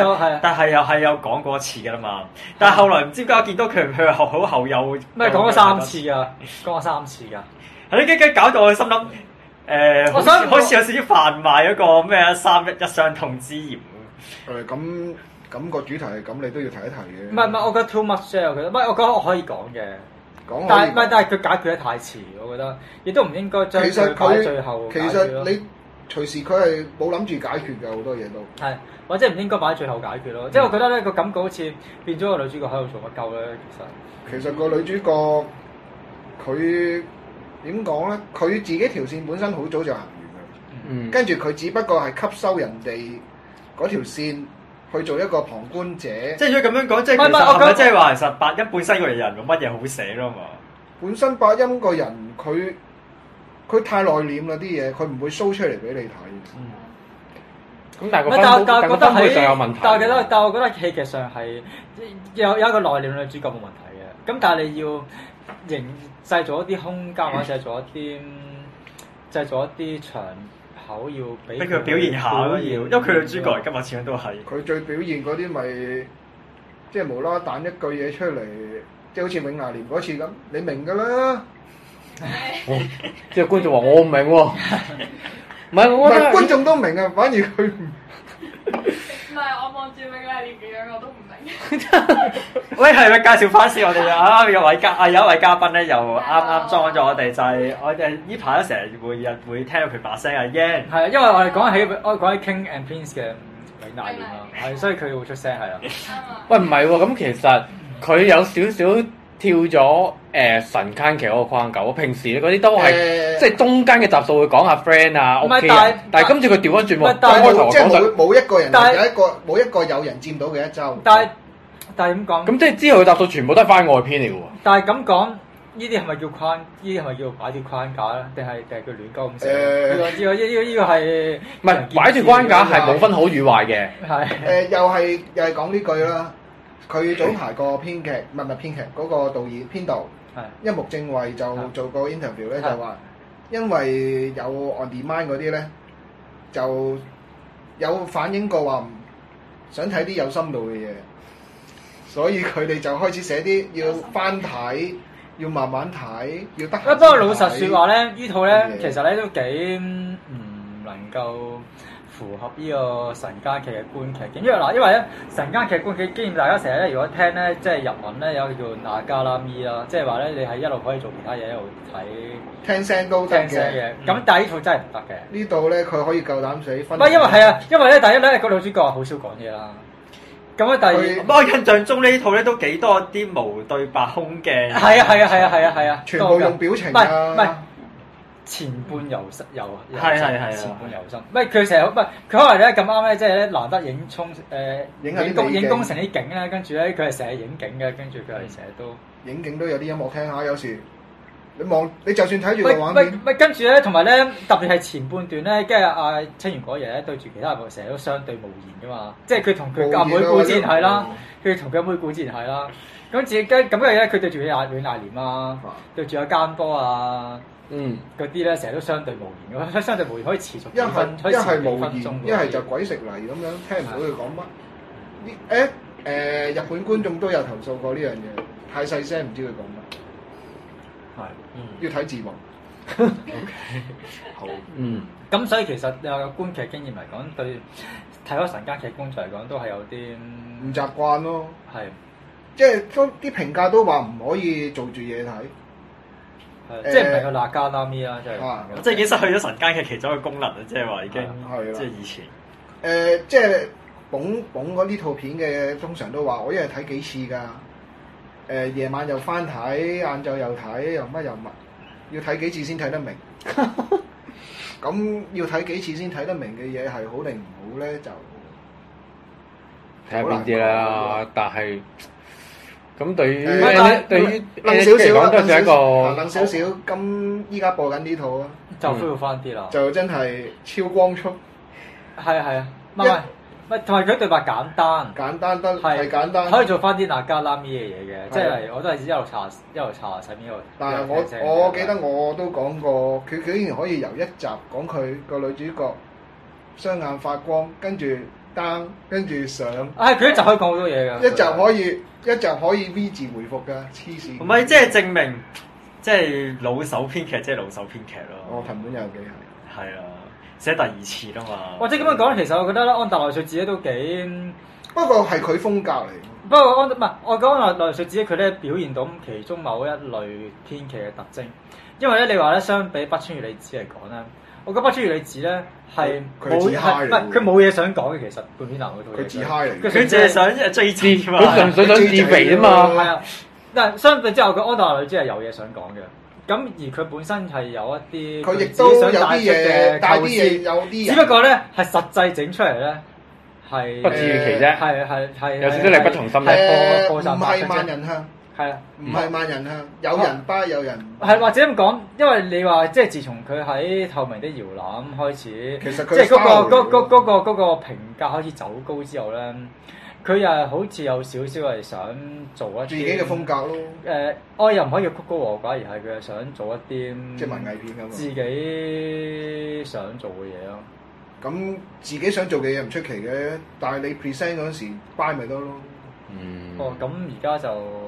B: 但係又係有講過一次嘅啦嘛。但係後來唔知點解我見到佢佢又好後又，咪講咗三次啊，講咗三次噶、啊，係咧，跟跟搞到我心諗，誒、嗯，呃、我想好似有少少販賣嗰個咩三一一傷痛之嫌。咯、嗯。咁個主題係咁，你都要提一提嘅。唔係唔係，我覺得 too much share，唔係我覺得我可以講嘅。但係唔係？但係佢解決得太遲，我覺得，亦都唔應該將佢擺喺最後解決。其實,其實你隨
C: 時佢係冇諗住解決嘅好多嘢都。
B: 係或者唔應該擺喺最後解決咯？嗯、即係我覺得咧個感覺好似變咗個女主角喺度做乜鳩咧。其實
C: 其實個女主角佢點講咧？佢自己條線本身好早就行完㗎，嗯、跟住佢只不過係吸收人哋嗰條線。去做一個旁觀者，即係如果
B: 咁樣講，即係其實唔、哦、即係話，其實白音本身個人冇乜嘢好寫咯嘛。
C: 本身白音個人佢佢太內斂啦，啲嘢佢唔會 show 出嚟俾你睇。嗯，咁但係個
B: 分但係個有問題。但係我覺得，但我覺得劇劇上係有有一個內斂女主角冇問題嘅。咁但係你要營製造一啲空間，或者製造一啲製造一啲場。口要俾佢表現下都要，演因為佢哋主角今日始終都係。佢最表現嗰啲咪，即係無啦啦
C: 彈一句嘢出嚟，即係好似永牙連嗰次咁，你明噶啦。
B: 即係觀眾話我唔明喎、哦，唔係觀眾都明啊，反而佢。 唔係，我望住永大年嘅樣我都唔明。喂，係咪介紹翻先？我哋啊有位嘉 啊有一位嘉賓咧，又啱啱撞咗我哋，就係、是、我哋呢排咧成日會聽佢把聲啊。Yes 係啊，因為我哋講起講 起 King and Prince 嘅永大年啊，係，所以佢會出聲係啊。是是 喂，唔係喎，咁其實佢有少少。跳咗誒，晨間劇嗰個框架，我平時咧嗰啲都係即係中間嘅集數會講下 friend 啊、屋企人，但係今次佢調翻轉喎，一開頭講曬冇
C: 一個人有一個冇一個有人佔到嘅一週，但係但係咁講？
B: 咁即係之後嘅集數全部都係翻外篇嚟嘅喎。但係咁講呢啲係咪叫框？呢啲係咪叫做擺脫框架咧？定係定係叫亂鳩咁寫？呢個呢個呢個呢個係唔係擺脫框架係冇分好與壞嘅？係
C: 誒，又係又係講呢句啦。佢早排個編劇，唔係唔係編劇，嗰個導演編導，一木正惠就做過 interview 咧，就話因為有 on demand 嗰啲咧，就有反映過話想睇啲有深度嘅嘢，所以佢哋就開始寫啲要翻睇，要慢慢睇，要得。不過老實説話咧，呢套咧其實
B: 咧都幾唔能夠。符合呢個晨間劇嘅觀劇，因為嗱，因為咧晨間劇觀劇，經驗大家成日咧，如果聽咧，即係日文咧，有叫做那加拉咪啦，即係話咧，就是、你係一路可以做其他嘢一路睇聽聲都得嘅。咁、嗯、但係呢套真係唔得嘅。
C: 呢度咧佢可以夠膽死分。唔係因為係啊，
B: 因為咧第一咧、個女主角好少講嘢啦。咁啊第二，不過我印象中呢套咧都幾多啲無對白空鏡。係啊係啊係啊係啊係啊，啊，啊，啊，啊，全部用表情。唔係。前半柔深，柔前半柔深。唔係佢成日，唔係佢可能咧咁啱咧，即係咧難得影沖誒影攻影攻城啲景咧，跟住咧佢係成日影景嘅，跟住佢係成日都
C: 影景都有啲音樂聽下，有時
B: 你望你就算睇住佢，畫面跟住咧，同埋咧特別係前半段咧，跟住阿青源嗰日咧對住其他部成日都相對無言嘅嘛，即係佢同佢阿妹故之然係啦，佢同佢阿妹故之然係啦，咁自己咁嘅嘢佢對住佢阿李阿年啊，對住阿間波啊。嗯，嗰啲咧成日都相對無言嘅嘛，相對無言可以持續一分，可以持續半分鐘，一係就
C: 鬼食泥咁樣，聽唔到佢講乜。啲誒誒日本觀眾都有投訴過呢樣嘢，太細聲，唔知佢講乜。係，要睇字幕。OK 好。嗯，
B: 咁所以其實啊，觀劇經驗嚟講，對睇開晨間劇觀眾嚟講，都係有啲唔習慣咯。係。
C: 即係都啲評價都話唔可以做住嘢睇。即係唔係個蠟加拉咪啦，即係即係已經失去咗晨
B: 間嘅其中一個功能啦，嗯、即係話已經，即係以前。
C: 誒、啊，即係捧捧嗰呢套片嘅，通常都話我一日睇幾次噶。誒、呃，夜晚又翻睇，晏晝又睇，又乜又乜，要睇幾次先睇得明？咁 要睇幾次先睇得明嘅嘢係好定唔好咧？就
B: 睇下邊啲啦。但係。咁對於對於，其實講都係一個冷
C: 少少，咁
B: 依家播緊呢套啊，就恢復翻啲啦，就真係超光速。係啊係啊，唔係唔係，同埋佢對白簡單，簡單得係簡單，可以做翻啲哪加拉咩嘢嘢嘅，即係我都係只一路查一路查實邊個。但係我我
C: 記得我都講過，佢佢竟然可以由一集講佢個女主角雙眼發光，跟住。單跟住上，
B: 啊佢一集可以講好多嘢噶，一集
C: 可以是一集可以 V 字回覆噶，黐線。唔係
B: 即係證明，即係老手編劇即係老手編劇咯。我、哦、藤本有幾係？係啊，寫第二次啊嘛。或者咁樣講，以其實我覺得咧，安達奈緒子都幾不過係佢風格嚟。不過安唔係我講奈緒子呢，佢咧表現到其中某一類編劇嘅特徵，因為咧你話咧相比北川悦吏子嚟講咧。我覺得不如你指咧，係佢自 high 嚟，唔係佢冇嘢想講嘅。其實半邊男嗰套，佢自 high 嚟，佢想即係追錢啊嘛，自肥啊嘛。係啊，但係相反之後，個安達女知係有嘢想講嘅。咁而佢本身係有一啲，佢亦都想帶出嘅，帶啲嘢，有啲嘢，只不過咧，係實際整出嚟咧，係不、嗯、至於奇啫。係係係，有少少力不從心嘅，唔係萬人向。係
C: 啊，唔係萬人啊，有人 buy 有
B: 人，哦。係或者咁講，因為你話即係自從佢喺透明的搖籃開始，其實即係、那、嗰個嗰嗰嗰個嗰個評價開始走高之後咧，佢又係好似有少少係想做一自己嘅風格咯。誒、呃、哦、哎、又唔可以曲高和寡，而係佢係想做一啲即係文藝片咁，自己想做嘅嘢咯。咁自己
C: 想做嘅嘢唔出奇嘅，但係你 present 嗰陣時 buy 咪得
B: 咯。嗯。嗯嗯哦，咁而家就～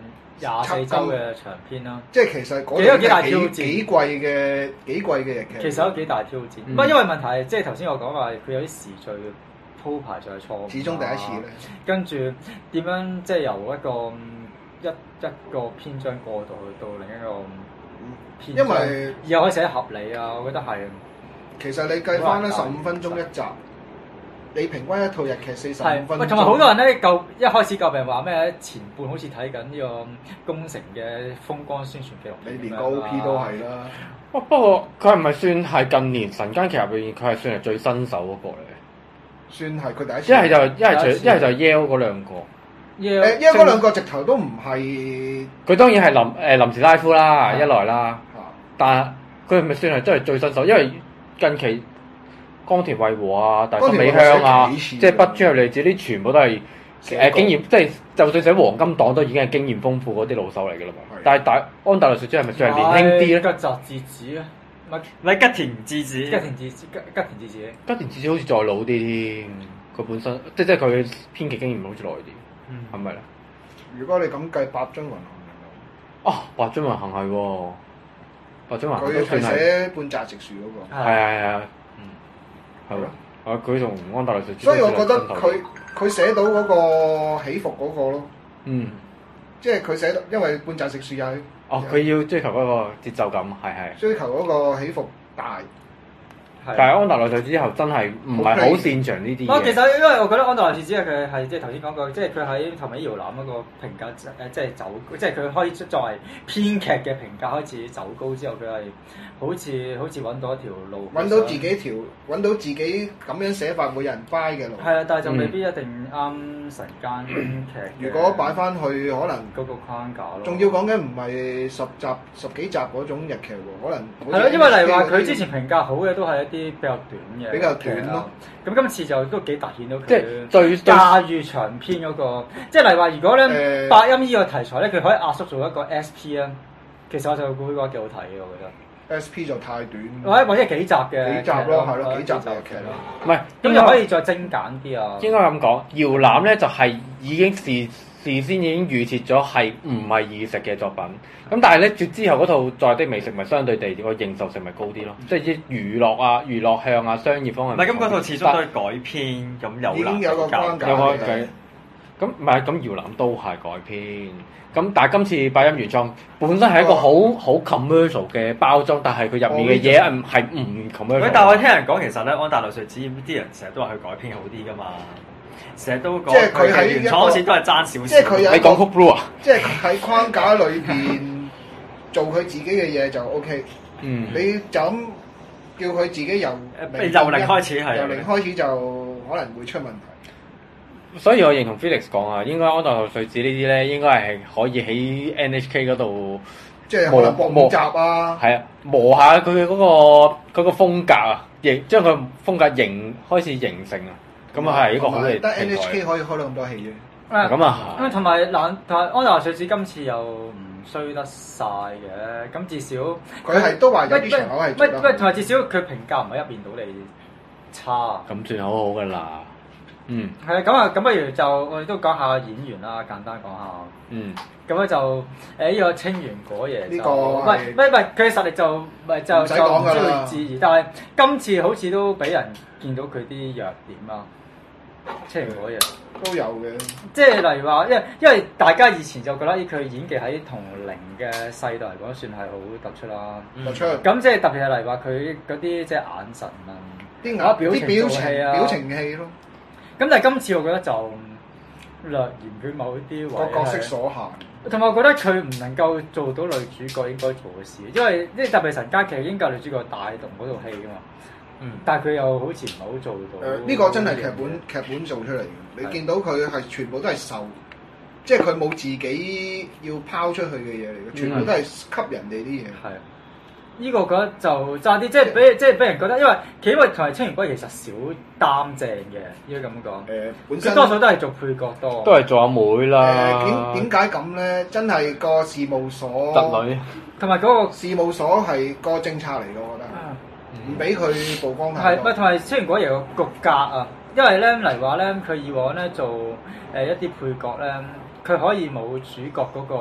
B: 廿四周嘅長篇啦，即係其
C: 實嗰幾幾季嘅幾季嘅劇，其實都幾大挑戰。
B: 唔係、嗯、因為問題，即係頭先我講話佢有啲時序鋪排就係錯誤，始終第一次咧。跟住點樣即係由一個一一個篇章過渡去到另一個篇章？因為又可以寫合理啊，我覺得係。其實你計翻咧，十五
C: 分鐘一集。你平均一套日劇四十分鐘。喂，同埋好
B: 多人咧，舊一開始舊評話咩？前半好似睇緊呢個宮城嘅風光宣傳記錄，呢邊 Maybe 高 P 都係啦。不過佢係咪算係近年晨間劇入面，佢係算係最新手嗰、嗰個嚟嘅，
C: 算係佢第一次。一係就一係除一係就
B: Yale 嗰兩個。
C: Yale 嗰兩個直頭都唔係。
B: 佢當然係臨誒臨時拉夫啦，的一來啦。但係佢係咪算係真係最新手？因為近期。方田惠和啊，大山美香啊，即係筆專係嚟自啲，全部都係誒經驗，即係就算寫黃金檔都已經係經驗豐富嗰啲老手嚟嘅啦嘛。但係大安大律水珠係咪仲係年輕啲咧？吉田治子啊，咪咪吉田治子，吉田治子，吉田治子，吉田治子好似再老啲添。佢本身即即係佢嘅編劇經驗好似耐啲，係咪咧？
C: 如果你咁計，八張雲
B: 行啊，八張雲衡係喎，八張雲衡佢要提寫
C: 半澤直樹嗰
B: 個，係係啊。係啊！佢同安達利最，所以我覺得佢
C: 佢寫到嗰個起伏嗰個咯，嗯，即係佢寫到，因為半扎食樹半澤
B: 直樹仔。哦，佢要追求嗰個節奏感，係係。追求嗰個起伏。但係安達奈穗之後真係唔係好擅長呢啲嘢。其實因為我覺得安達奈穗只係佢係即係頭先講過，即係佢喺頭尾搖籃嗰個評價即係即係走，即係佢開始作為編劇嘅評價開始走高之後，佢係好似好似揾到一條路，揾到自己條，揾到自己咁樣寫法會有人 buy 嘅路。係啊，但係就未必一定啱晨間劇。如果
C: 擺翻去可能嗰個框架咯。仲要講緊唔係十集十幾集嗰種日劇喎，可能係咯，因為例如話佢
B: 之前評價好嘅都係。啲比較短嘅，比較短咯。咁今次就都幾突顯到佢，駕馭長篇嗰、那個。即係例如話，如果咧百、呃、音呢個題材咧，佢可以壓縮做一個 SP 啊。其實我就估呢個幾好睇嘅，我覺得。SP 就太短。或者或者係幾集嘅？幾集咯，係咯，幾集嘅劇咯。唔係，咁是就可以再精簡啲啊。應該咁講，《搖籃》咧就係、是、已經是。事先已經預設咗係唔係美食嘅作品，咁但係咧，之後嗰套在的美食咪相對地個認受性咪高啲咯，即係啲娛樂啊、娛樂向啊、商業方向。唔係咁嗰套始終都係改編，咁有籃有個框架，有可以咁唔係咁搖籃都係改編，咁但係今次百音原創本身係一個好好 commercial 嘅包裝，但係佢入面嘅嘢係唔 commercial。喂，但係我聽人講，其實咧安達老師指啲人成日都話佢改編好啲㗎嘛。成日都講，即係佢喺最初始都係爭少少。即佢你講曲 blue 啊？即係
C: 喺框架裏邊 做佢自己嘅嘢就 OK。嗯，你就咁叫佢自己由由零開始係，由零開始就可能會出問題。
B: 所以我認同 Felix 講啊，應該安代和瑞子呢啲咧，應該係可以喺 NHK 嗰度
C: 即係磨磨集啊。
B: 係啊，磨下佢嘅嗰個佢個風格啊，形將佢風格形開始形成啊。咁啊，係呢個好嘅。得 NHK 可以開到咁多戲嘅。咁啊，同埋嗱，同埋安達瑞子今次又唔衰得晒嘅。咁至少佢係都話有啲場口係。唔係唔係，同埋至少佢評價唔係一面倒你差。咁算好好噶啦。嗯。係啊，咁啊，咁不如就我哋都講下演員啦，簡單講下。嗯。咁咧就誒呢個清原果耶。呢唔喂，喂，係，佢嘅實力就唔係就就唔需要置疑，但係今次好似都俾人見到佢啲弱點啦。青蘋果一樣
C: 都有嘅，
B: 即係例如話，因為因為大家以前就覺得咦，佢演技喺同齡嘅世代嚟講，算係好突出啦。嗯、突出。咁即係特別係例如話佢嗰啲即係眼神啊，啲眼表情戲啊，表情戲咯、啊。咁但係今次我覺得就略嫌佢某啲位，角色所限。同埋我覺得佢唔能夠做到女主角應該做嘅事，因為呢特別晨間劇係應該女主角帶動嗰套戲噶嘛。但係佢又好似唔係好做到。誒，呢個真係劇
C: 本劇本做出嚟。你見到佢係全部都係受，
B: 即係佢冇自己要拋出去嘅嘢嚟，全部都係吸人哋啲嘢。係。呢個我覺得就揸啲，即係俾即係俾人覺得，因為企實因同埋清原果耶其實少擔正嘅，應該咁講。誒，本身多數都係做配角多，都係做阿妹啦。誒，點點解咁咧？真係個事務所，同埋嗰
C: 個事務所係個政策嚟嘅。俾佢曝光。係，
B: 咪同埋雖然嗰樣局格啊，因為咧嚟話咧，佢以往咧做誒一啲配角咧，佢可以冇主角嗰、嗰個、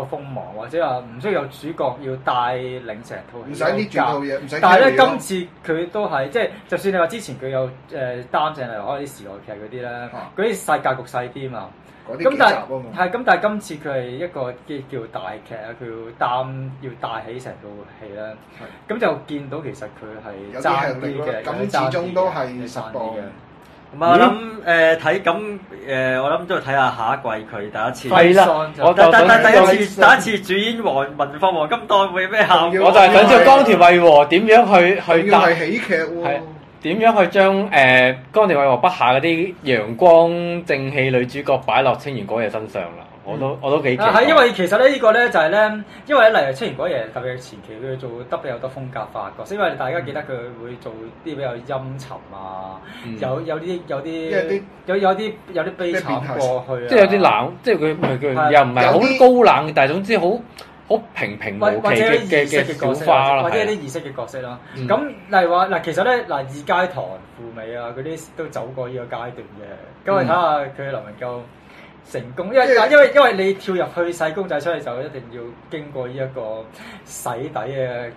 B: 嗰個鋒芒，或者話唔需要有主角要帶領成套戲。唔使啲全嘢，唔使格。但係呢咧，啊、今次佢都係即係，就算你話之前佢有誒擔、呃、正嚟開啲時代劇嗰啲咧，嗰啲細格局細啲啊。咁但係係咁，但係今次佢係一個叫叫大劇啊，佢要擔要帶起成套戲啦。咁就見到其實佢係有啲向力嘅，咁始終
C: 都係散。我諗
B: 誒睇咁誒，我諗都要睇下下一季佢第一次啦。我就但但第一次第一次主演黃文鳳黃金檔會有咩效？我就係想知道江田惠和點樣去去帶喜劇喎。點樣去將誒、呃《江田惠和筆下》嗰啲陽光正氣女主角擺落清原果耶身上啦？我都、嗯、我，都我都幾～啊，係因為其實咧，就是，呢個咧就係咧，因為咧，例如清原果耶特別係前期佢做得比較多風格化角色，因為大家記得佢會做啲比較陰沉啊，嗯、有有啲有啲有有啲有啲悲慘過去啊，即係，就是，有啲冷，即係佢佢又唔係好高冷，但係總之好。好平平無奇嘅嘅角色，的或者啲意識嘅角色啦。咁例、嗯、如話嗱，其實咧嗱，二階堂、富美啊嗰啲都走過呢個階段嘅。咁你睇下佢能唔能夠成功，因為因為因為你跳入去細公仔出嚟就一定要經過呢一個洗底嘅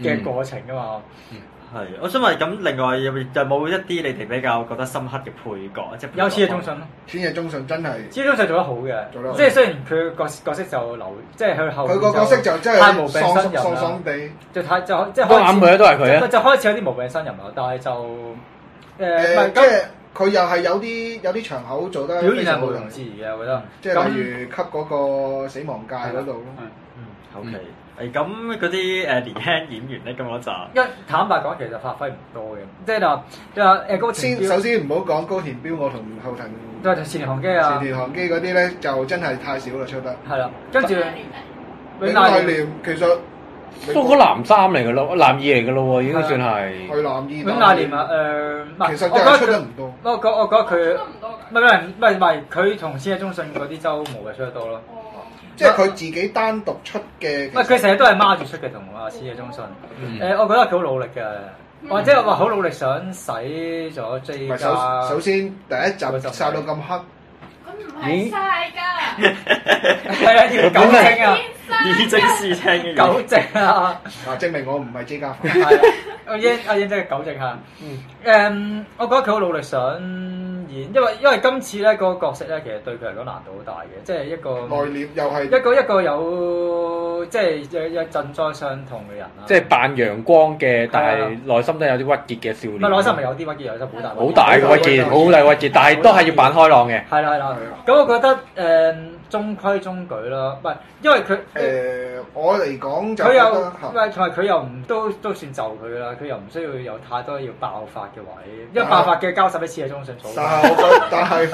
B: 嘅過程㗎嘛。嗯嗯。係，我想問咁另外有冇一啲你哋比較覺得深刻嘅配角？即係有《淺野忠信》咯，《淺野忠信》真係《淺野忠信》做得好嘅，做得好即係雖然佢角角色就留，即係佢角色就真係太無病呻吟，啦，爽爽爽爽就太就即係都啱佢都係佢就開始有啲無病呻吟啦，但係就誒即
C: 係佢又係有啲、嗯、有啲場口做得表現係冇容
B: 置疑嘅，我覺得，即係是 那例如
C: 吸嗰個死亡界嗰度咯，嗯，OK。
B: 誒咁嗰啲誒年輕演員咧，咁我就，因為坦白講其實發揮唔多嘅，即係嗱，即係誒高
C: 田先，首先唔好講高田彪，我同後藤，都係前田航基啊，前田航基嗰啲咧就真係太少啦，出得，係啦，跟住永瀨廉，其
B: 實都嗰男三嚟嘅咯，男二嚟嘅咯喎，應該算係，係男二，永瀨廉啊，誒、呃，其實真係出得唔多，我覺我覺得佢，唔係唔係唔係，佢同千野中信嗰啲周無謂出得多咯。即係佢自己單獨出嘅，唔係佢成日都係孖住出嘅同啊師姐中信。誒，我覺得佢好努力嘅，或者我話好努力想洗咗 J 家。唔係首首先
C: 第一集就曬到咁黑，咁唔係曬㗎，係啊要糾正啊，以正視聽。糾
B: 正
C: 啊！啊證明我唔係 J 家，
B: 阿英阿英真係糾正嚇。誒，我覺得佢好努力想。因為因為今次咧個角色咧，其實對佢嚟講難度好大嘅，即係一個內斂又係一個一個有即係一一震災傷痛嘅人啦。即係扮陽光嘅，但係內心都有啲鬱結嘅少年。唔係內心係有啲鬱結，內心好大好大嘅鬱結，好大鬱結，但係都係要扮開朗嘅。係啦係啦，咁的我覺得誒。嗯中規中矩啦，唔因為佢誒、呃，我嚟
C: 講就佢有、啊、又
B: 唔同埋佢又唔都都算就佢啦，佢又唔需要有太多要爆發嘅位，因為爆發嘅交十一次係中信組。但係我覺，但係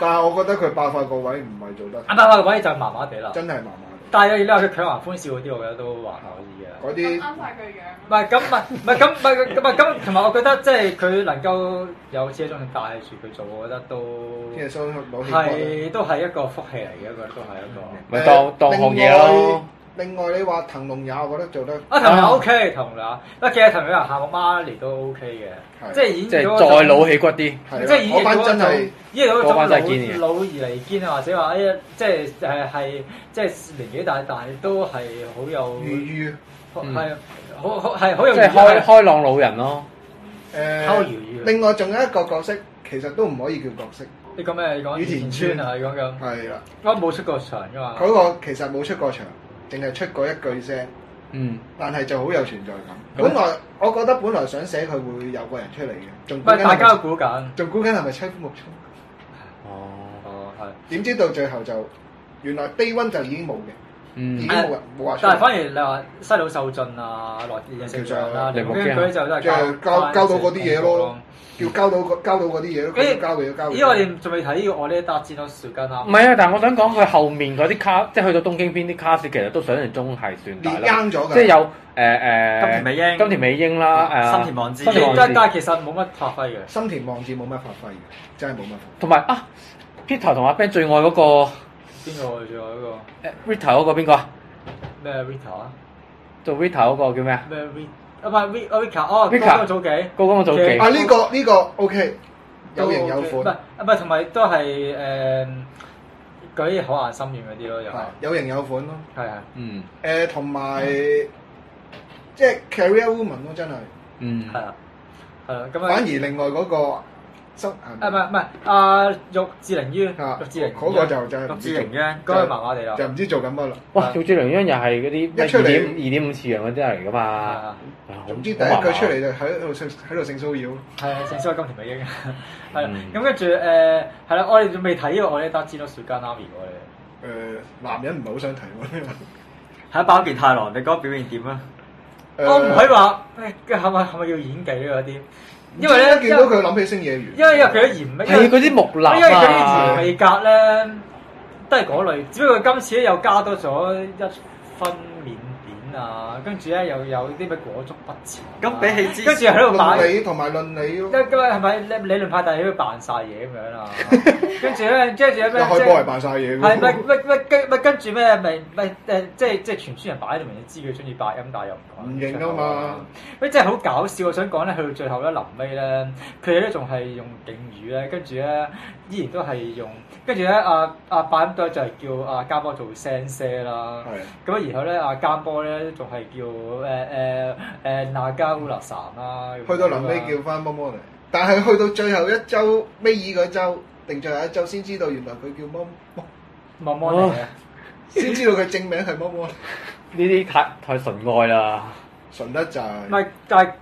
C: 但係我覺得佢爆
B: 發個位唔係做得。爆發個位就麻麻地啦，真係麻麻地。但係要留意佢強顏歡笑嗰啲，我覺得都還可以。嗰啲啱晒佢樣，唔係咁，唔係咁，唔係咁，同埋我覺得即係佢能夠有謝宗正帶住佢做，我覺得都係都係一個福氣嚟嘅，都係一個。咪當當紅嘢咯。另外
C: 你話藤龍也，
B: 我覺得做得啊藤龍也 O K，藤龍也，不過其實藤龍也又下個媽嚟都 O K 嘅，即係演咗再老氣骨啲，即係演咗嗰種老而彌堅啊，或者話一即係係即係年紀大，但係都係好有。嗯，係啊，好好係好容易開開朗老人咯。誒，
C: 另外仲有一個角色，其實都唔可以叫角色。你
B: 講咩？你講宇田村啊？你講咁。係啦，我冇出過場噶嘛。嗰
C: 個其實冇出過場，淨係出過一句聲。嗯，
B: 但係就好有存在感。本來
C: 我覺得本來想寫佢會有個人出嚟嘅，仲大家估緊，仲估緊係咪秋木春？哦，哦係。點知到最後就原來低温就已經冇嘅。
B: 嗯，但係反而你話西島秀俊啊，來嘅形象啦，你冇嗰啲就都係交交到嗰啲嘢咯，要交到交到嗰啲嘢咯。交嚟交嚟，因為仲未睇呢個我哋達戰到誰更啊。唔係啊，但係我想講佢後面嗰啲卡，即係去到東京篇啲卡其實都想成中係斷嘅啦。跌咗㗎。即係有誒誒金田美英、金田美英啦，新田望志，但係但係其實冇乜發揮嘅。新田望志冇乜發揮，真係冇乜。同埋啊，Peter 同阿 Ben 最愛嗰個。邊個？仲有呢個？Rita 嗰個邊個啊？咩 Rita 啊？做 Rita 嗰個叫咩啊？咩 Rita？啊唔係 Rita，Rita 哦，高光早幾？高光早幾？啊呢個呢個 OK，有型
C: 有款。唔
B: 係啊，唔係同埋都係誒嗰啲口硬心軟嗰啲咯，又係有型有款咯。係啊，嗯。誒同埋
C: 即係 career woman 咯，真係。嗯，係啊，係啊。咁反而另外嗰個。
B: 啊唔係唔係，阿玉志玲冤，玉志玲嗰個就就玉志
C: 玲嘅，嗰個麻麻地咯，就唔
B: 知做緊乜咯。哇，玉志玲冤又係嗰啲一出嚟二點五次元嗰啲嚟噶嘛？總之第一句出嚟就喺度喺度性騷擾，係性騷擾金田美英。係咁跟住誒係啦，我哋仲未睇，因為我哋單《至尊少家 n a m 我哋誒男人唔係好想睇喎。係啊，包傑太郎，你覺得表現點啊？我唔可以話，佢係咪係咪要演技嗰啲？因為咧為見到佢諗起星野源，因為佢啲鹽，係佢啲木立啊，因為佢啲鹽味格咧都係嗰類，只不過今次咧又加多咗一分。啊，跟住咧又有啲咩裹足不前，咁比起跟住喺度買論理同埋論理咯，咁啊係咪理理論派大佬扮晒嘢咁樣啊？跟住咧，跟住咩？加波係扮
C: 曬嘢，係咪
B: 咪咪跟住咩？咪咪即係即係全村人擺喺度，明你知佢中意扮音打又唔同。唔認啊嘛！喂，真係好搞笑，我想講咧，去到最後咧，臨尾咧，佢哋咧仲係用敬語咧，跟住咧依然都係用，跟住咧阿阿音打就係叫阿加波做聲聲啦，咁然後咧阿加波咧。仲係叫誒誒誒那加烏拉什啦，去到臨尾叫
C: 翻摸摸嚟，但係去到最後一周，尾二嗰週定最後一周先知道原來佢叫摸摸摸摸嚟，先知道佢正名係摸摸。
B: 呢啲 太太純愛啦，
C: 純得就唔、是、係，但係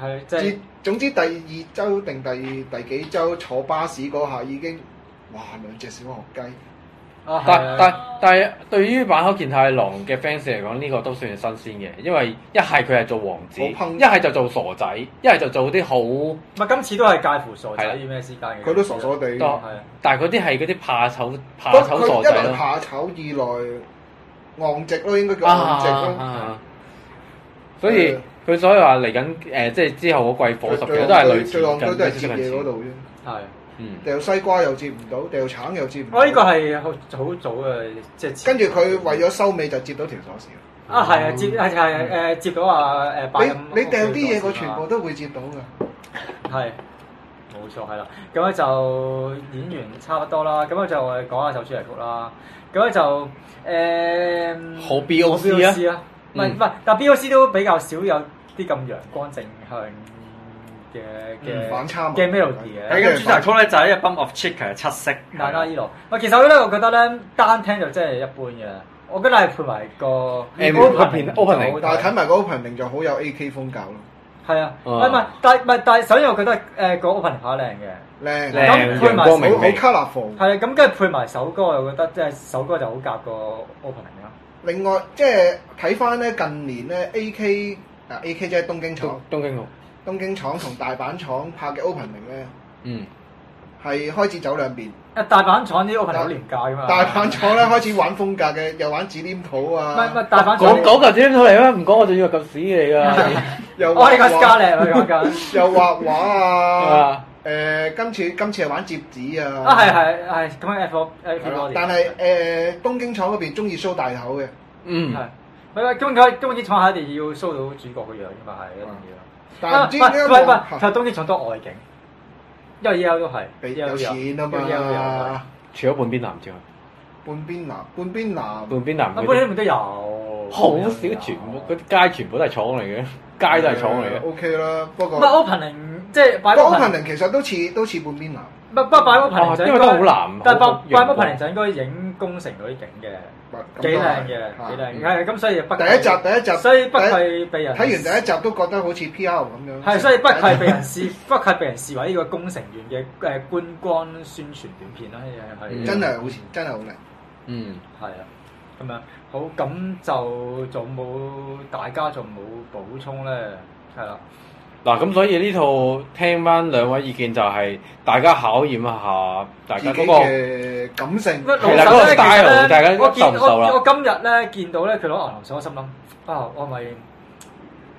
C: 係即係總之第二周定第第幾周坐巴士嗰下已經哇兩隻小學雞。但但
B: 但係，對於坂口健太郎嘅 fans 嚟講，呢個都算新鮮嘅，因為一係佢係做王子，一係就做傻仔，一係就做啲好唔係，今次都係介乎傻仔咩之間嘅，佢都傻傻地嘅，係但係嗰啲係嗰啲怕醜、怕醜傻仔怕
C: 醜而來昂直咯，應該叫昂直咯。
B: 所以佢所以話嚟緊誒，即係之後嗰季火十幾都係類似，都係接嘢度啫。係。
C: 掉西瓜又接唔到，掉橙又接唔到。我呢、啊這個係好早嘅，即係跟住佢為咗收尾就接到條鎖匙
B: 啊，係啊，嗯、接係係、啊嗯、接到啊誒。你掉啲嘢佢全部都會接到噶。係，冇錯係啦。咁咧就演員差不多啦。咁咧、嗯、就誒講下首主題曲啦。咁咧就誒。好 B O C 啊！唔係唔係，嗯、但 B O C 都比較少有啲咁陽光正向。嘅嘅嘅 melody 嘅，主題曲咧就係《BUMP OF CHICKEN》七色。大家呢度，喂，其實咧我覺得咧單聽就真係一般嘅。我覺得係配埋個。誒，open opening，但睇埋個 opening 就好有 AK 風格咯。係啊，唔係，但係唔係，但係首先我覺得誒個 opening 拍靚嘅。靚靚。咁配埋首，你 colorful。係啊，咁跟住配埋首歌，我覺得即係首歌就好夾個 opening 啦。另外，即
C: 係睇翻咧近年咧 AK 啊，AK 即係東京廠。東京樂。東京廠同大阪廠拍嘅 opening 咧，嗯，係開始走兩邊。
B: 啊，大阪廠呢 open 好廉價噶嘛。大阪
C: 廠咧開始玩風格嘅，又玩紙黏土啊。唔係唔係，大阪廠講講嚿紙黏土嚟啦，
B: 唔講我仲要嚿屎嚟啊！
C: 又話又話畫啊，誒今次今次係玩折紙啊。啊係係係，咁樣
B: F F，但係
C: 誒東京廠嗰邊中意 show 大口
B: 嘅，嗯係。係啊，東京東京廠一定要 show 到主角個樣噶，係一定要。冬天咧，唔係，係冬天外景，因為依家都係，俾啲有錢啊嘛，除咗半邊男之外，半邊男、半邊男、半邊男，我嗰啲咪得有，好少，全部啲街全部都係廠嚟嘅，街都係廠嚟嘅
C: ，O K 啦，不
B: 過，不過 opening 即係擺 opening
C: 其實都似都似半邊男，
B: 不不擺 opening 就應該好難，但係擺擺 opening 就應該影工程嗰啲景嘅。幾靚嘅，係咁，所以第一集第一集，所以不愧被人睇完第一
C: 集都覺得好似 P.R. 咁樣，係
B: 以不愧被人視，不愧 被人視為呢個工程員嘅誒觀光宣傳短片啦，嘢真係好前，真係好靚，嗯，係啊，咁樣好，咁就仲冇大家就冇補充咧，係啦。嗱咁，所以呢套聽翻兩位意見，就係大家考驗一下，大家嗰個感性。其實嗰個 style，大家受唔受啦？我見我我今日咧見到咧，佢攞牛頭上，我心諗啊，我咪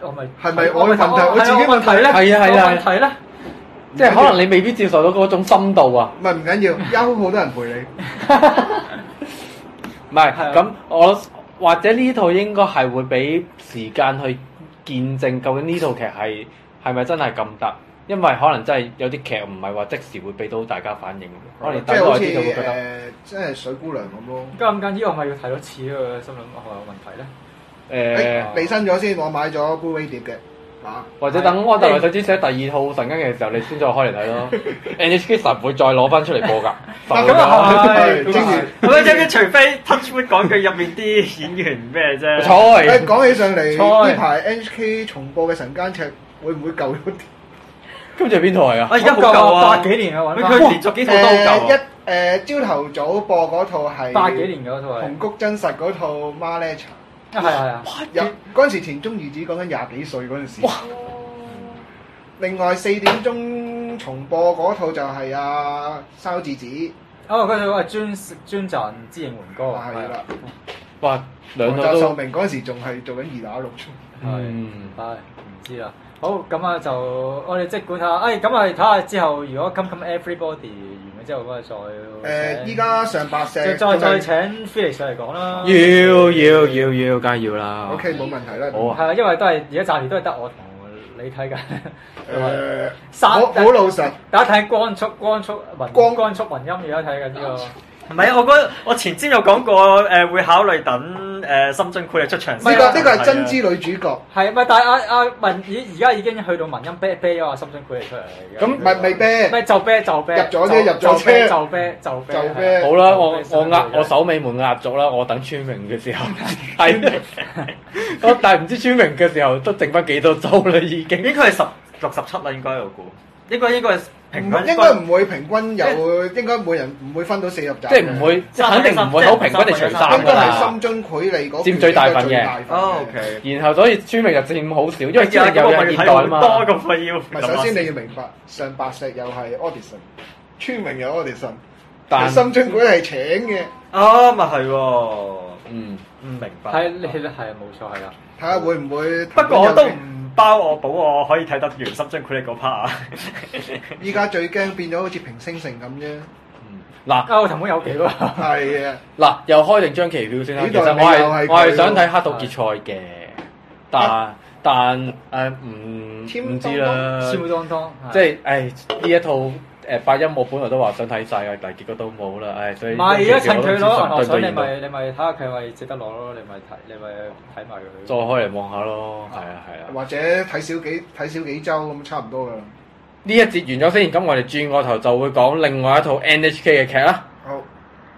B: 我咪係咪我問題？我自己問題咧？係啊係啊，問題咧？
C: 即係可能你
B: 未必接受到嗰種深度啊。唔係，唔緊要，有好多人陪你。唔係咁，我或者呢套應該係會俾時間去見證究竟呢套劇係。係咪真係咁得？因為可能真係有啲劇唔係話即時會俾到大家反應，可能等耐啲就會覺得，即係水姑娘咁咯。晨間劇之後係咪要睇多次？個心理學有問題咧。誒、欸，更
C: 新咗先，我買咗 Blu-ray 碟嘅。嚇、
B: 啊！或者等我等耐啲，寫第二套晨間劇嘅時候，你先再開嚟睇咯。NHK 實會再攞翻出嚟播㗎。但係咁啊，不如除非 Touchwood 講佢入面啲演員咩啫？錯，講起上嚟呢排
C: NHK 重播嘅晨間劇。會唔會夠咗？啲，
B: 今次係邊台啊？啊，依家夠八幾年啊，揾佢前作幾部都夠
C: 一，誒，朝頭早播嗰套係八幾年嗰套《紅谷真實》嗰套《馬勒茶》啊，係啊！哇！嗰陣時田中裕子講緊廿幾歲嗰陣時。另外四點鐘重播嗰套就係啊，收子子
B: 哦，嗰套係專專賺知型援哥係啦，哇！兩套都澤秀明嗰陣時仲係做緊二打六出，係，嗯，係唔知啊！好，咁啊就我哋即管睇下，哎咁啊睇下之後，如果 come come everybody 完咗之後，咁啊再誒依家上白石，就再不再請 Felix 嚟講啦。要要要要，梗係要啦。OK，冇問題啦。好啊。係啊，因為都係而家暫時都係得我同你睇緊。誒、 呃殺，我好老實，大家睇光速光速文光光速文音而家睇緊呢個。唔係啊！我覺得我前先有講過誒，會考慮等誒深圳佢哋出場。唔係呢個係真知
C: 女主角，
B: 係咪？但係阿阿文而而家已經去到文音啤啤咗阿深圳佢哋出嚟。咁
C: 唔係未啤？唔係就啤
B: 就啤。入咗啫，入咗啤就啤就啤就啤。好啦，我我壓我守尾門壓咗啦，我等村明嘅時候。係。咁但係唔知村明嘅時候都剩返幾多周啦已經？應該係十六十七啦，應該我估。應該應該係。唔應該唔
C: 會平均，有應該每人唔會分到四十集，即係唔會，即肯定唔會好平均地除曬㗎嘛。應該係深津繪里嗰佔最大份嘅。OK，
B: 然後所以川明又佔好少，因為有熱度多咁咪要？首先你
C: 要明白，上白石又係 audition，川明又 audition，但深津繪里係請嘅。
B: 啊，咪係喎？嗯，唔明白。係你你係冇錯係啊。睇
C: 下會唔會？不過我都。唔。
B: 包我保我，我可以睇得完十張佢哋嗰 part 啊！依 家最驚變咗好似平星城咁啫。嗱、嗯，我頭先有幾喎。係啊。嗱、哦 啊，又開定張期票先啦。裡其實我係我係想睇黑道決賽嘅的，但但誒唔唔知啦。即係誒呢一套。誒、呃、百音我本來都話想睇晒嘅，但係結果都冇啦，誒、哎、所以都冇資訊，對對唔住。你咪你咪睇下佢咪值得攞咯，你咪睇你咪睇埋佢。再開嚟望下咯，係啊係啊。啊或者
C: 睇少幾睇少幾週咁差唔多㗎。
B: 呢一節完咗先，咁我哋轉個頭就會講另外一套 NHK 嘅劇啦。好，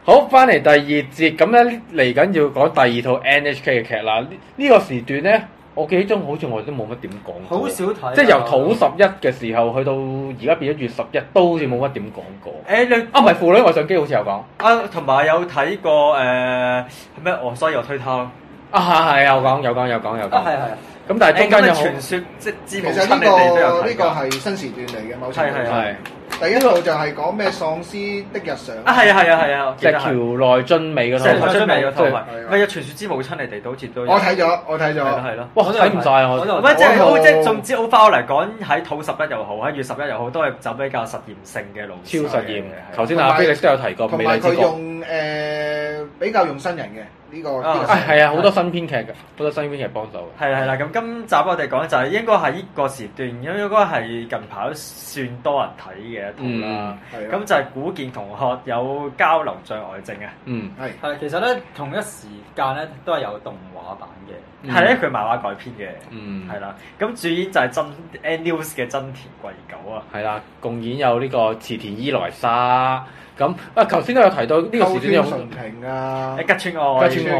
B: 好翻嚟第二節，咁咧嚟緊要講第二套 NHK 嘅劇啦。呢、呢個時段咧。我記憶中好似我哋都冇乜點講過，好少睇啊、即係由土十一嘅時候去到而家變咗月十一，都好似冇乜點講過。誒、欸，你啊唔係我父女，我相機好似有講啊，同埋有睇過誒咩《所以我推他》咯。啊係係啊，有講有講有講有講。啊係咁、呃啊啊、但係中間、欸、傳說有傳
C: 説即係知名度呢個呢係新時段嚟嘅，某程度係係。第一套就係講咩喪屍的日常啊！係啊係啊係
B: 啊，就橋內俊美嘅套橋內俊美嘅套位，唔係啊！傳説之母親嚟地到好似都我睇咗，我睇咗，係咯係咯，哇睇唔晒啊！我唔係即係即係，總之好翻我嚟講，喺土十一又好，喺月十一又好，都係走比較實驗性嘅路，超實驗嘅。頭先阿菲力都有提過，同埋佢用
C: 誒。比較用新人嘅呢、這個，係啊，好、哎、呀多
B: 新編劇嘅，好多新編劇幫手的。係啦，係啦，咁今集我哋講就係應該係呢個時段，應該係近排算多人睇嘅一套啦。咁、嗯、就係古見同學有交流障礙症啊。嗯，係。係其實咧同一時間咧都係有動畫版嘅，係咧佢漫畫改編嘅，嗯，係啦。咁主演就係真 a n n e w s 嘅真田貴久啊，係啦、嗯，共演有呢個池田依來沙。嗯。咁啊！頭先都有提到呢個時都有吉川純平啊，吉川愛，成田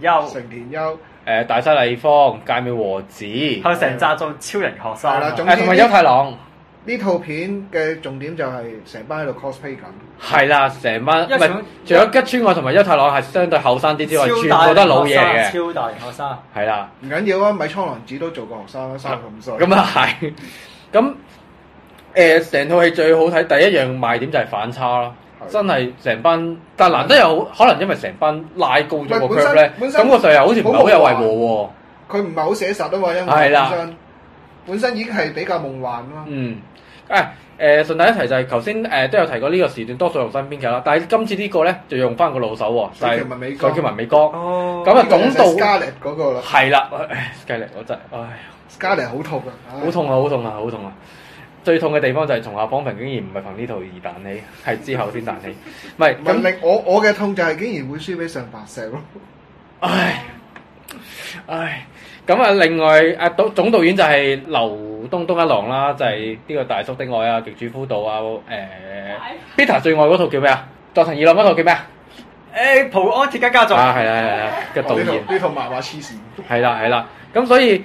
B: 優，成田優，誒大西禮芳，筧美和子，係咪成紮做超人學生？係啦，總之同埋優太郎。
C: 呢套片嘅重點就係成班喺度 cosplay 緊。
B: 係啦，成班唔係，除咗吉川愛同埋優太郎係相對後生啲之外，全部都係老嘢嘅。超大學生。超大學生。係啦，
C: 唔緊要啊！米倉涼子都做過學生啦，三十咁衰。咁啊
B: 係，咁。誒，成套戲最好睇，第一樣賣點就係反差啦，真係成班，但難得有可能因為成班拉高咗個 curve 咧，咁個時候又好似唔係好有違和喎。
C: 佢唔係好寫實啊嘛，因為本身本身已經係比較夢幻啦。
B: 嗯，誒，誒，順帶一提就係，頭先誒都有提過呢個時段多數用身邊劇啦，但係今次呢個咧就用翻個老手喎，就係佢叫文美哥，哦，咁啊總導，係啦，唉，計力我真，唉，嘉力好痛啊，好痛啊，好痛啊，好痛啊！最痛嘅地方就係從下方，憑，竟然唔係憑呢套二彈起，係之後先彈起。唔係
C: 咁，我我嘅痛就係竟然會輸俾上白石咯。唉
B: 唉，咁啊，另外誒總總導演就係劉東東一郎啦，就係呢個大叔的愛啊、極主夫道啊、誒 Peter 最愛嗰套叫咩啊？佐藤二朗嗰套叫咩啊？誒蒲安鐵家家族啊，係係啊，嘅導演。
C: 呢套漫畫黐
B: 線。係啦係啦，咁所以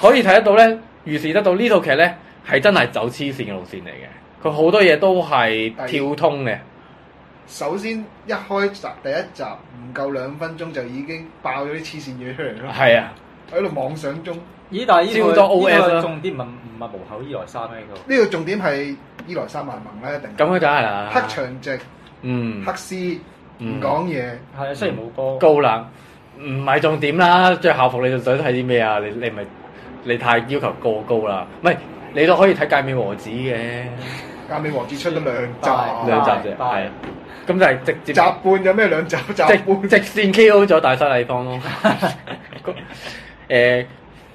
B: 可以睇得到咧，預視得到呢套劇咧。係真係走黐線嘅路線嚟嘅，佢好多嘢都係跳通嘅。
C: 首先一開集第一集唔夠兩分鐘就已經爆咗啲黐線嘢出嚟咯。係啊，喺度妄想中。咦？但係呢個呢個重
B: 點唔係唔係無口伊萊山咩？
C: 呢個呢個重點係伊萊山萬盟啦一定？咁
B: 佢梗係啦。黑長直，嗯，黑絲唔講嘢。係啊，雖然冇波高冷，唔係重點啦。著校服你就想睇啲咩啊？你你唔係你太要求過高啦，唔係。你都可以睇《芥面王子》嘅，
C: 《芥面王子》出咗兩集，兩 Bye, 集啫，
B: 係咁 Bye. 就係直接集半有咩兩集集半直？直線 K O 咗大西利芳咯。誒、 呃、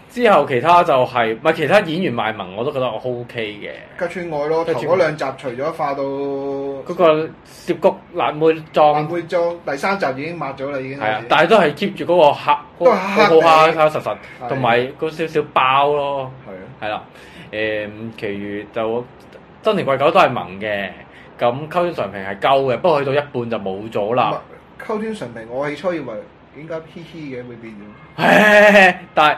B: 之後其他就係、是、咪其他演員賣萌我都覺得我 O K 嘅。
C: 吉川愛咯，頭嗰兩集除咗化到嗰個
B: 涉谷辣妹、
C: 妝，辣妹妝第三集已經抹咗啦，已經、就是。係啊！
B: 但係都係 keep 住嗰個黑，都係黑，實實，同埋嗰少少包咯，係啊的，係啦。誒、嗯，其餘就真田貴狗都係萌嘅，咁、嗯、溝端純平係夠嘅，不過去到一半就冇咗啦。
C: 溝端純平，我起初以為應該黐黐嘅，會變咗。
B: 但係。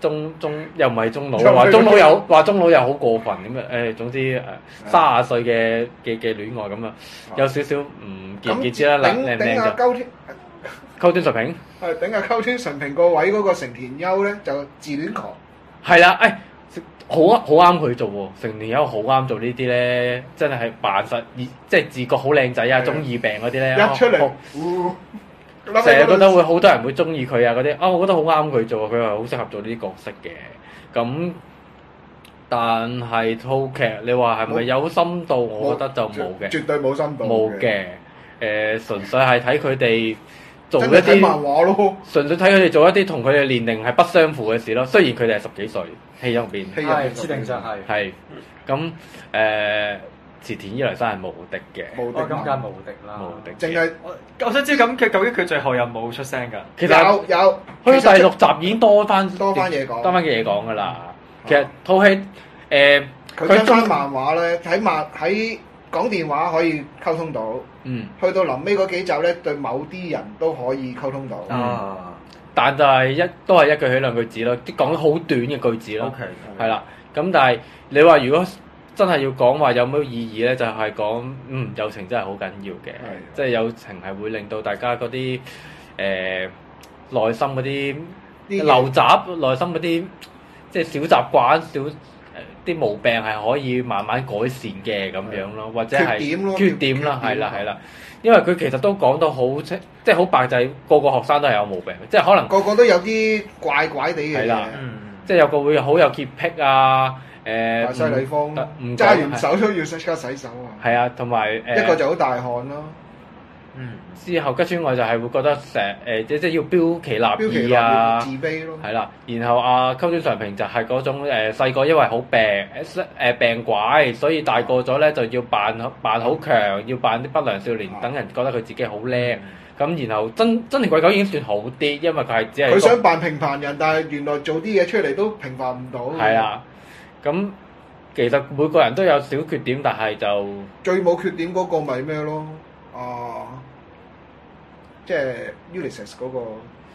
B: 中中又唔係中老話，中老又話中老又好過分咁啊！誒，總之誒，卅歲嘅嘅嘅戀愛咁啊，有少少唔見見知啦，靚靚就。頂頂下溝
C: 端，溝端淳平。係頂下溝端淳平個位嗰個成田優咧，就自戀狂。
B: 係啦，誒，好啱好啱佢做喎，成田優好啱做呢啲咧，真係係扮實，即係自覺好靚仔啊，中二病嗰啲咧。一出嚟。成日覺得會好多人會中意佢啊嗰啲，啊我覺得好啱佢做，佢係好適合做呢啲角色嘅。咁、嗯，但係套劇你話係咪有深度？哦、我覺得就冇嘅，絕
C: 對冇深度。冇嘅、嗯，
B: 誒純粹係睇佢哋做一啲，純粹睇佢哋做一啲同佢哋年齡係不相符嘅事咯。雖然佢哋係十幾歲，戲入邊，係，設對定上係，係，咁誒。字典池田依來真係無敵嘅，無敵咁梗係無敵啦！無敵，淨係我想知咁佢究竟佢最後有冇出聲㗎？其實有有，佢第六集已經多翻多翻嘢講，多翻嘅嘢講㗎啦。其實套戲誒，佢一將
C: 漫畫咧喺漫喺講電話可以溝通到，嗯，去到臨尾嗰幾集咧，對某啲人都可以溝通到啊。
B: 但就係一都係一句起兩句字咯，啲講好短嘅句子咯，係啦。咁但係你話如果？真係要講話有冇意義咧？就係、是、講，嗯，友情真係好緊要嘅，即係的友情係會令到大家嗰啲誒內心嗰啲陋習、內心嗰啲即係小習慣、小啲毛病係可以慢慢改善嘅咁樣咯，或者係缺點咯，缺點啦，係啦、yeah，係啦，因為佢其實都講到好清，即係好白仔，個個學生都係有毛病，即係可能個個都有啲怪怪地
C: 嘅嘢，
B: 即係有個會好有潔癖啊。西誒，揸完手都
C: 要即刻洗手
B: 啊！係啊，同埋誒一個就好大汗咯。嗯，之後吉川外就係會覺得成日誒，即即要標奇立異啊，自卑咯。係啦，然後阿溝川常平就係嗰種誒細個因為好病誒誒病鬼，所以大個咗咧就要扮扮好強，要扮啲不良少年，等人覺得佢自己好叻。咁然後真真田鬼狗已經算好啲，因為佢係只係佢想
C: 扮平凡人，但係原來做啲嘢出嚟都平凡唔到。係啊。
B: 咁其實每個人都有小缺點，但係就
C: 最冇缺點嗰個咪咩咯？啊，即係 Ulysses 嗰個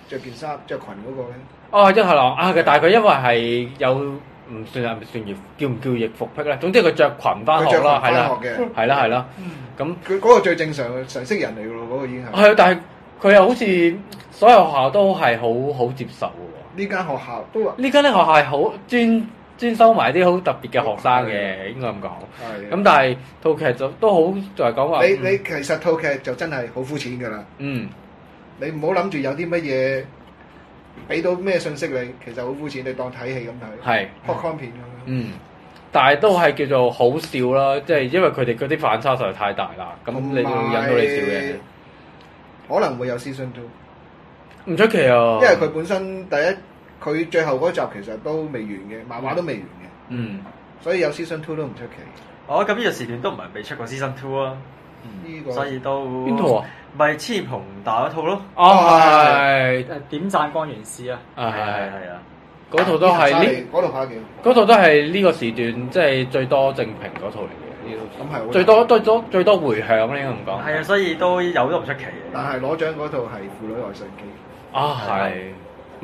C: 著件衫、著裙嗰個
B: 咧？哦，即係囉啊！但係佢因為係有唔算係唔算叫唔叫易服癖咧？總之佢著裙返學啦，係啦，係啦，係啦，係啦。咁佢嗰個最正常嘅常識人
C: 嚟嘅喎，嗰個已經係係，
B: 但係佢又好似所有學校都係好好接受嘅喎。
C: 呢間學校都
B: 呢間咧學校係好專。專收埋啲好特別嘅學生嘅，應該咁講。咁但係套劇就都好，就係講話。你你
C: 其實套劇就真係好膚淺噶啦。嗯。你唔好諗住有啲乜嘢，俾到咩信息你？其實好膚淺，你當睇戲咁睇。係。破案片咁樣。
B: 嗯。但係都係叫做好笑啦，即係因為佢哋嗰啲反差實在太大啦。咁你會引到你笑嘅。
C: 可能會有私信到。唔出奇啊！因為佢本身第一。佢最後嗰集其實都未完嘅，漫畫都未完嘅。
B: 嗯，
C: 所以有 season two
B: 都唔出奇。哦，咁呢個時段都唔係未出過 season two 啊。呢個所以都邊套啊？咪黐棚打嗰套咯。哦，係。誒點讚光源氏啊！啊，係啊，係啊。套都係嗰套都係呢個時段，即係最多正評嗰套嚟嘅。呢套咁係最多，最多，最多迴響呢？唔講。係啊，所以都有都唔出奇。嘅。
C: 但係攞獎嗰套係《婦女愛信
B: 機》啊，係。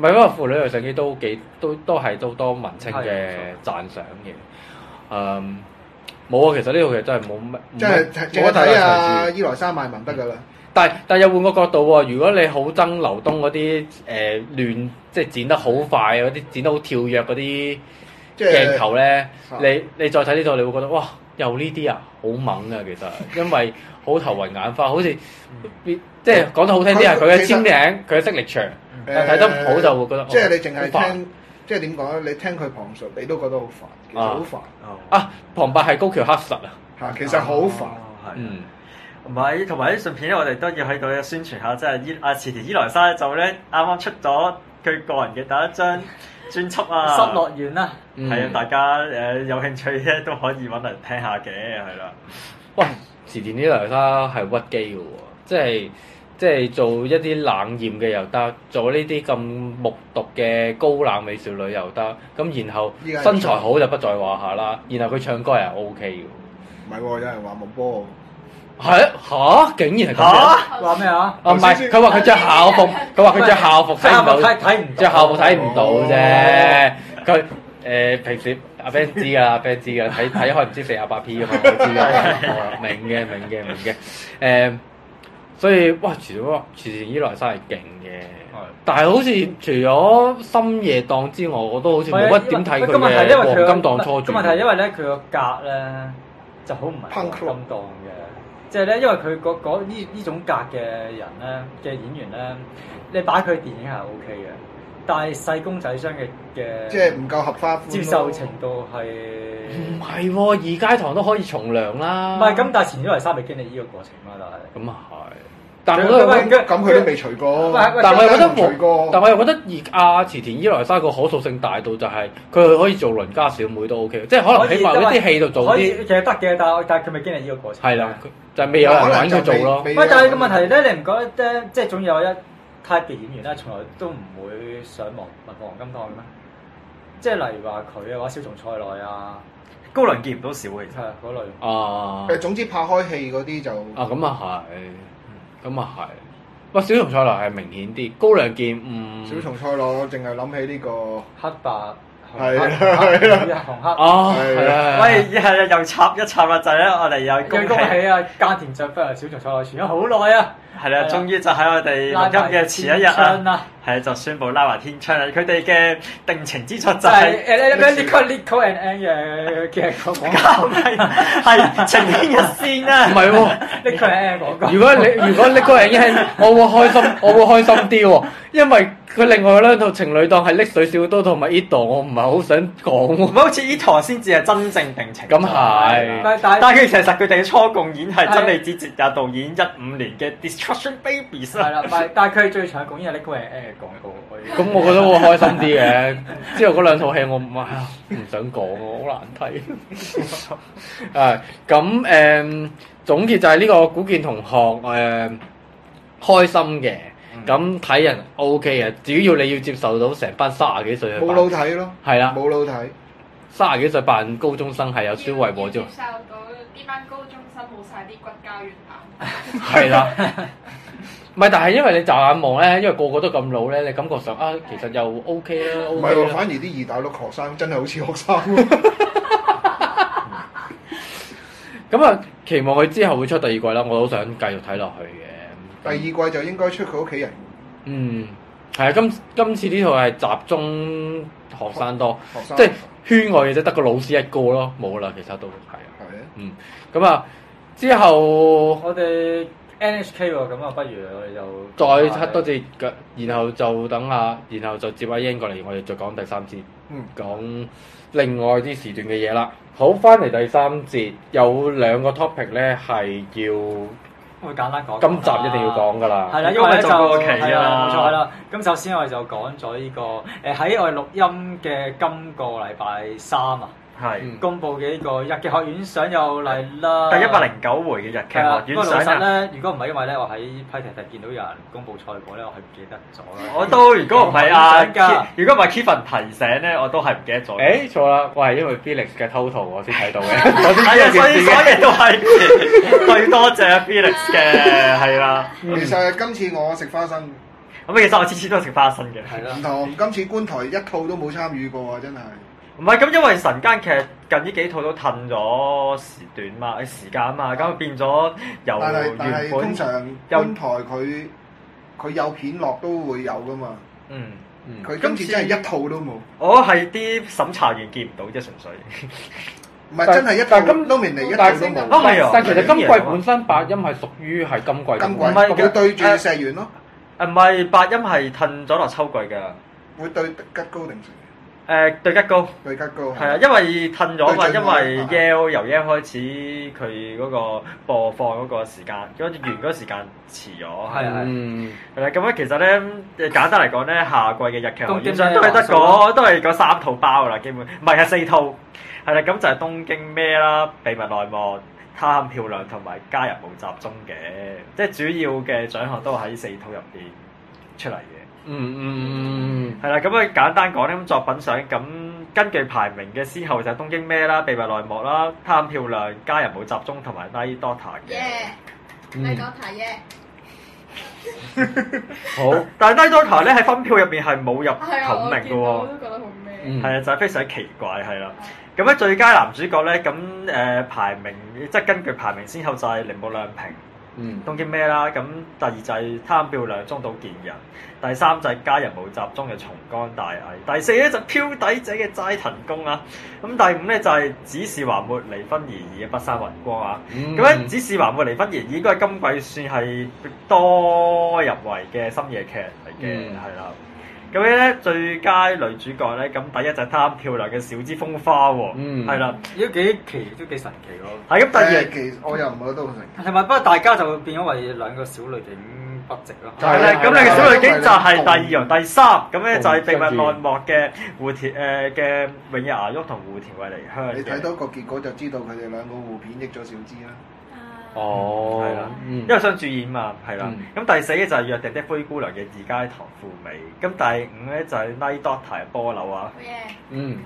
B: 唔係，因為父女遊相機都幾都都係都多文青嘅讚賞嘅。嗯，冇啊，其實呢套嘢真係冇乜，即係淨係睇啊
C: 伊萊山賣文得噶啦。
B: 但係但係又換個角度喎，如果你好憎劉東嗰啲誒亂即係剪得好快嗰啲剪得好跳躍嗰啲鏡頭咧、啊，你你再睇呢套你會覺得哇，又呢啲啊好猛啊其實，因為好頭暈眼花，好似即係講得好聽啲係佢嘅簽名，佢嘅色力場。誒睇得唔好就會覺得好即係你淨係聽，
C: 煩即係點講咧？你聽佢旁述，你都覺得好煩，其實好煩
B: 啊！旁白係高橋克實，實啊，嚇、哦，其實好煩，係嗯，唔係同埋啲順片咧，我哋都要喺度宣傳下，即係伊啊，池田伊萊莎就咧啱啱出咗佢個人嘅第一張專輯啊，心 樂園啊，係啊、嗯，大家誒有興趣咧都可以揾嚟聽下嘅，係啦。喂，池田伊萊莎係屈機嘅喎，即、就、係、是。即係做一啲冷豔嘅又得，做呢啲咁木獨嘅高冷美少女又得，咁然後身材好就不在話下啦。然後佢唱歌又 OK 嘅。唔係喎，有人話冇波。係啊，嚇！竟然係咁？話咩啊？唔係佢話佢着校服，佢話佢着校服睇唔到，睇唔着校服睇唔到啫。佢誒平時阿 Ben 知㗎，阿 Ben 知㗎，睇睇開唔知四啊八 P 㗎嘛，我知啊，明嘅明嘅明嘅誒。所以哇，池池池田伊萊莎係勁嘅，的但係好似除咗深夜檔之外，我都好似冇乜點睇佢嘅黃金檔錯咗。個問題係因為咧，佢個格咧就好唔係黃金檔嘅，烤高 即係咧，因為佢嗰呢呢種格嘅人咧嘅演員咧，你擺佢電影係 O K 嘅，但係細公仔箱嘅嘅，即係唔夠合花，接受程度係唔係二階堂都可以從良啦？唔係咁，但係池田伊萊莎未經歷呢個過程啦、啊，但係咁啊係。但咁佢都未除過，但係我覺得冇，但係我又覺得而阿池田依來沙個可塑性大到就係佢可以做鄰家小妹都 OK，即係可能喺某啲戲度做啲。其實得嘅，但係但係佢未經歷呢個過程。係啦，就未有人玩佢做咯。喂，但係個問題咧，你唔覺得即係即總有一 type 嘅演員咧，從來都唔會上黃文個黃金檔嘅咩？即係例如話佢嘅話，小松菜奈啊，高能見唔到少其他嗰類啊。誒，
C: 總之拍開戲嗰啲就
B: 啊，咁啊係。咁啊係，哇！小松菜奈係明顯啲，高粱劍唔。嗯、小松
C: 菜奈，淨係諗
B: 起呢、這個紅白，一紅白。哦，喂，係啦，又插一插啦，就係啦，我哋又。恭恭喜啊！家田再翻嚟，小松菜奈傳咗好耐啊！係啦，終於、嗯、就喺我哋錄音嘅前一日啦、嗯，係就宣布拉埋天窗啦。佢哋嘅定情之出就係誒誒情牽一線啦。唔係如果你如果 c l i c 我會開心，我會開心啲、哦、因為佢另外有兩套情侶檔係溺水小刀同埋 edo，我唔係好想講。好似依先至係真正定情。咁係、嗯嗯，但係 其實佢哋嘅初共演係真李治哲啊，導演一五年嘅 r 出身 b a b i e s 係啦， 但係佢最長講，因為呢個係誒廣告，咁我覺得會開心啲嘅。之後嗰兩套戲我唔、哎、 啊唔想講喎，好難睇。誒咁誒總結就係呢個古見同學誒、嗯、開心嘅，咁、嗯、睇、嗯、人 OK 啊，主要你要接受到成班卅幾歲冇腦睇咯，係啦冇腦睇，卅幾歲扮高中生係有消惠波啫。嗯呢班高中生冇晒啲骨膠原啊，係 啦樂，唔係， 但係因為你眨眼望咧，因為個個都咁老咧，你感覺上啊，其實又 OK 啦、啊。唔、OK、係、啊， 反
C: 而啲二大碌學生真係好似學生。
B: 咁啊，期望佢之後會出第二季啦，我都想繼續睇落去嘅。
C: 第二季就應該出佢屋企人。嗯，
B: 係、嗯、啊、嗯，今今次呢套係集中學生多，學學生即係圈外嘅啫，得個老師一個咯，冇啦，其實都係。嗯，咁啊，之後我哋 NHK 喎，咁啊，不如我哋就看看再出多節，然後就等下，然後就接阿英過嚟，我哋再講第三節，講、嗯、另外啲時段嘅嘢啦。好，翻嚟第三節有兩個 topic 咧，係要會簡單講。今集一定要講㗎啦，係啦，因為咧就個期啦，冇錯啦。咁首先我哋就講咗呢個誒喺我哋錄音嘅今個禮拜三啊。係，公布嘅呢個日劇學院賞又嚟啦！第一百零九回嘅日劇學院賞咧，如果唔係因為咧，我喺批題就見到有人公布賽果咧，我係唔記得咗啦。我都如果唔係啊，如果唔係 Kevin 提醒咧，我都係唔記得咗。誒錯啦，我係因為 Felix 嘅 total 我先睇到嘅。係啊，所以所以都係最多謝 Felix 嘅，係啦。其實
C: 今次我食花生，
B: 咁其實我次次都係食花生嘅，係啦。唔同今次觀台一套都冇參與過啊，真係。唔係咁，因為晨間劇近呢幾套都褪咗時段嘛，時間嘛，咁變咗由原本。但通常本
C: 台佢佢有片落都會有噶嘛。嗯，佢今次真係一套都冇。
B: 我係啲審查員見唔到啫，純粹。唔係真係一。但係
C: 今都眠嚟一套都冇。啊，但其實今季本
B: 身百音係屬於係今季。今季。唔係佢對住石原咯。誒唔係百音係褪咗落秋季㗎。會對吉高定誒對吉高，對吉高，係啊、嗯，因為褪咗嘛，因為 Yell 由 Yell 開始佢嗰個播放嗰個時間，跟住完嗰個時間遲咗，係啊、嗯，啦、嗯，咁樣其實咧簡單嚟講咧，夏季嘅日劇學院賞都係得個，都係嗰三套包噶啦，基本唔係啊四套，係啦，咁、嗯、就係、是、東京咩啦、秘密內幕、貪漂亮同埋家人無集中嘅，即係主要嘅獎項都喺四套入邊出嚟嘅。嗯嗯嗯，係啦，咁啊簡單講呢，咁作品上，咁根據排名嘅先後就係東京 MER 啦，秘密內幕啦，貪漂亮，家人冇集中同埋 Night Doctor 嘅，Night Doctor 耶，好，但係 Night Doctor 咧喺分票入面係冇入前五名嘅喎，係啊，我都覺
A: 得好咩，
B: 係啊，就非常之奇怪係啦，咁咧最佳男主角咧，咁誒排名即係根據排名先後就係鈴木亮平。嗯，攻擊咩啦？咁第二就係貪票兩中島健人，第三就係家人冇集中嘅重岡大毅，第四咧就係漂底仔嘅齋藤工啊，咁第五咧就係只是還沒離婚而已嘅北山宏光啊，咁樣只是還沒離婚而已，應該係今季算係多入圍嘅深夜劇嚟嘅，係啦、嗯。咁樣咧，最佳女主角咧，咁第一就係貪漂亮嘅小芝風花喎，係啦、嗯，都幾的奇，都幾神奇咯。係咁，第二，其
C: 實我又唔覺得好
B: 神奇。同埋不過大家就會變咗為兩個小女警不值咯。咁你嘅小女警就係第二又、嗯、第三，咁咧、嗯嗯、就係秘密內幕嘅戶田誒嘅永野芽郁同戶田惠梨香。你睇到個結果就知道
C: 佢哋兩個互片益咗小芝啦。
B: 哦，係啦，因為想主演嘛，係啦。咁、嗯、第四咧就係約定的灰姑娘嘅二階堂富美，咁第五咧就係 Night Doctor 嘅波流啊，oh, yeah. 嗯，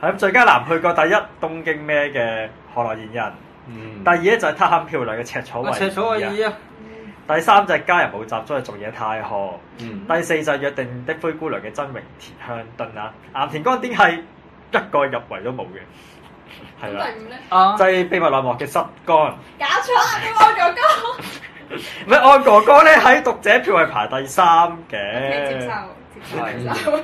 B: 係咁，最佳男配角第一，東京 MER 嘅賀來賢人，嗯，第二咧就係他很漂亮嘅赤楚衛二啊，第三就係家人冇集中，種嘅仲野太賀，嗯，第四就係約定的灰姑娘嘅真榮田鄉敦啊，岩田剛典係一個入圍都冇嘅。係啦，第五咧，就係、啊、秘密內幕嘅失干。搞錯，叫岸哥哥。唔係岸哥哥咧喺讀者票係排第三嘅、 嗯。接受、 嗯，接受、 嗯，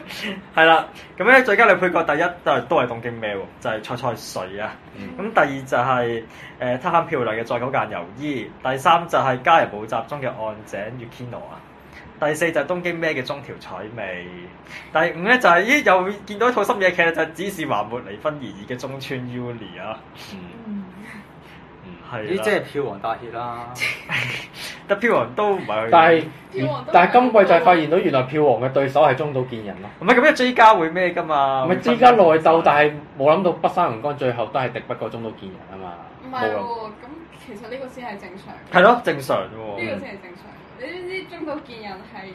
B: 係、嗯、啦。咁咧 最佳女配角第一都係都係東京咩就係菜菜緒啊。咁、嗯嗯嗯嗯、第二就係、是、誒、貪、呃、漂，漂亮嘅再久間由衣。第三就係家人冇集中嘅岸井月千羅啊。第四就係東京咩嘅中條彩未。第五咧，就係咦又見到一套深夜劇就只是還沒離婚而已嘅中村 Yuri 啊！嗯，係，呢即係票王大熱啦，得票王都唔係，但係但係今季就係發現到原來票王嘅對手係中島健人咯。唔係咁嘅 J 家會咩噶嘛？唔係 J 家內鬥，但係冇諗到北山龍剛最後都係敵不過中島健人啊嘛。唔係喎，咁其實呢個先係正常。係咯，正常喎。呢個先係正常。你知唔知中島健人係誒、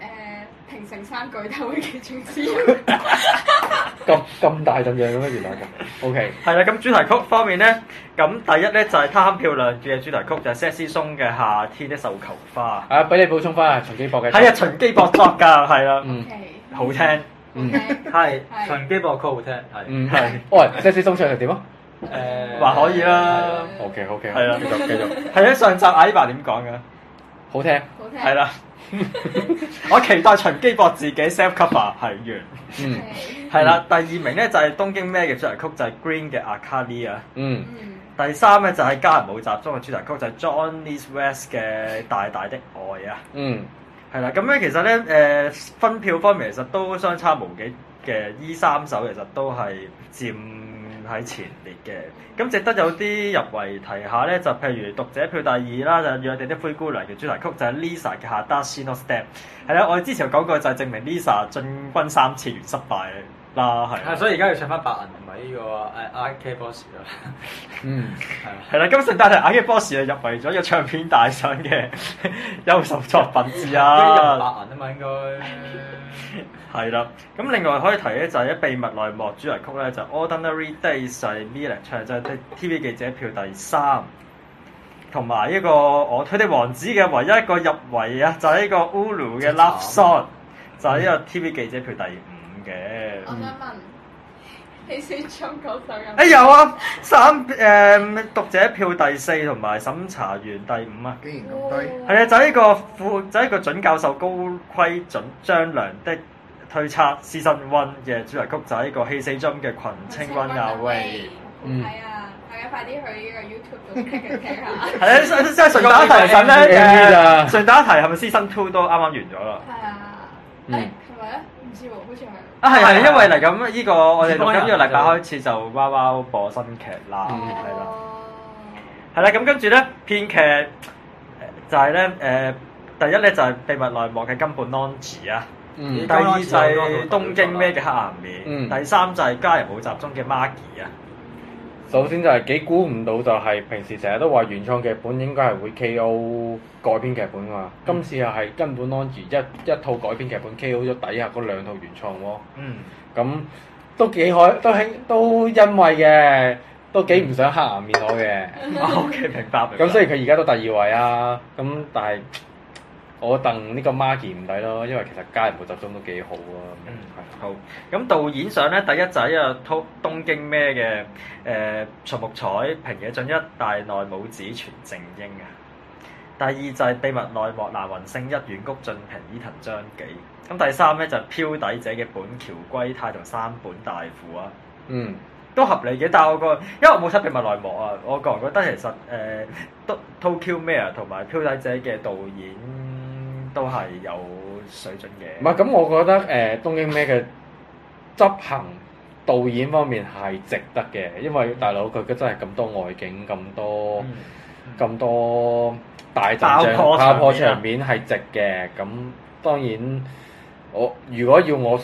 B: 呃、平成三巨頭嘅其中之一樣？咁咁大陣仗嘅咩？原嚟 O K。係啦，咁主題曲方面咧，咁第一咧就係貪漂亮嘅主題曲，就係 Sexy Zone 嘅夏天的繡球花。啊！俾你補充翻啊，秦基博嘅。係啊，秦基博作㗎，係啦。k Okay.、嗯、好聽。係 Okay. 秦基博嘅曲好聽，係。 嗯，係。喂 Sexy Zone 唱得點啊？誒，還可以啦。O K，O K。係啦，繼續，繼續。係啊， 上集阿 Eva 點講嘅？好聽，係啦。我期待秦基博自己，自己 self cover 係完。 嗯，係啦了。嗯、第二名咧就係、是、東京咩嘅主題曲就係、是、Green 嘅 Akalia。嗯，第三咧就係、是、家人舞集中嘅主題曲就係、是、Johnny's WEST 嘅大大的愛啊。嗯，係啦。咁樣其實咧誒、呃、分票方面其實都相差無幾嘅，依三首其實都係佔。喺前列嘅，咁值得有啲入圍提下咧，就譬如讀者票第二啦，就《約定的灰姑娘》嘅主題曲就係 Lisa 嘅《HADASHI no STEP》。係啦，我哋之前講過就證明 Lisa 進軍三次元失敗。嗱係，啊、所以而家要唱翻白銀呢嘅喎，I K Boss 啊，ors, 嗯，係啦，啦，今聖誕啊，I K Boss 啊入圍咗嘅唱片大賞嘅優秀作品之啊，入白銀啊嘛應該， 係啦，咁另外可以提咧就係《秘密內幕主、就是》主題曲咧就《是、Ordinary Days》係 Millie 唱就 T V 記者票第三，同埋一個我推啲王子嘅唯一一個入圍個啊，就係呢個 Uru 嘅 Love Song，就係呢個 T V 記者票第二。
A: 我想問，棄死金九
B: 首音？哎有啊，三，誒讀者票第四同埋審查員第五啊！竟然咁低，係啊！就係呢個副，就係呢個準教授高槻準彰良的推察 Season 1嘅主題曲，就係呢個棄死金嘅群青温亞威。嗯，係
A: 啊！大家快啲去呢個 YouTube 度 check 下。係啊，真係順帶一提先
B: 啦。順帶一提係咪 Season 2都啱啱完咗啦？係啊，
A: 係咪啊？唔知喎，好似係。啊係係，因為嚟咁呢個我哋從依個禮拜開
B: 始就娃娃播新劇啦，係啦，係啦，咁跟住咧編劇就係咧誒，第一咧就係秘密內幕嘅金本安治啊，第二就係東京咩嘅黑暗面，第三就係家人好集中嘅 Margie 啊。首先就係幾估唔到，就係平時成日都話原創劇本應該係會 KO 改編劇本㗎嘛。嗯、今次又係根本安住一一套改編劇本 KO 咗底下嗰兩套原創喎。嗯。咁都幾可都興都欣慰嘅，都幾唔想黑顏面我嘅。OK，明白。咁雖然佢而家都第二位啊，咁但係。我鄧呢個 Marky 唔抵咯，因為其實家人冇集中都幾好啊。嗯，係好。咁導演上咧，第一仔啊，東東京咩嘅？誒、呃，松木彩、平野俊一、大內母子、全正英啊。第二就係秘密內幕南雲升一、遠谷俊平、伊藤張幾。咁第三咧就漂、是、底者嘅本橋圭太同三本大輔啊。嗯，都合理嘅。但係我個，因為我冇出秘密內幕啊，我個人覺得其實誒 t t o k 咩啊，同埋漂底者嘅導演。都係有水準嘅，嗯。唔係咁，我覺得誒、呃、東京咩嘅執行導演方面係值得嘅，因為大佬佢真係咁多外景、咁多咁、嗯、多大陣仗爆破場面係值嘅。咁當然，我如果要我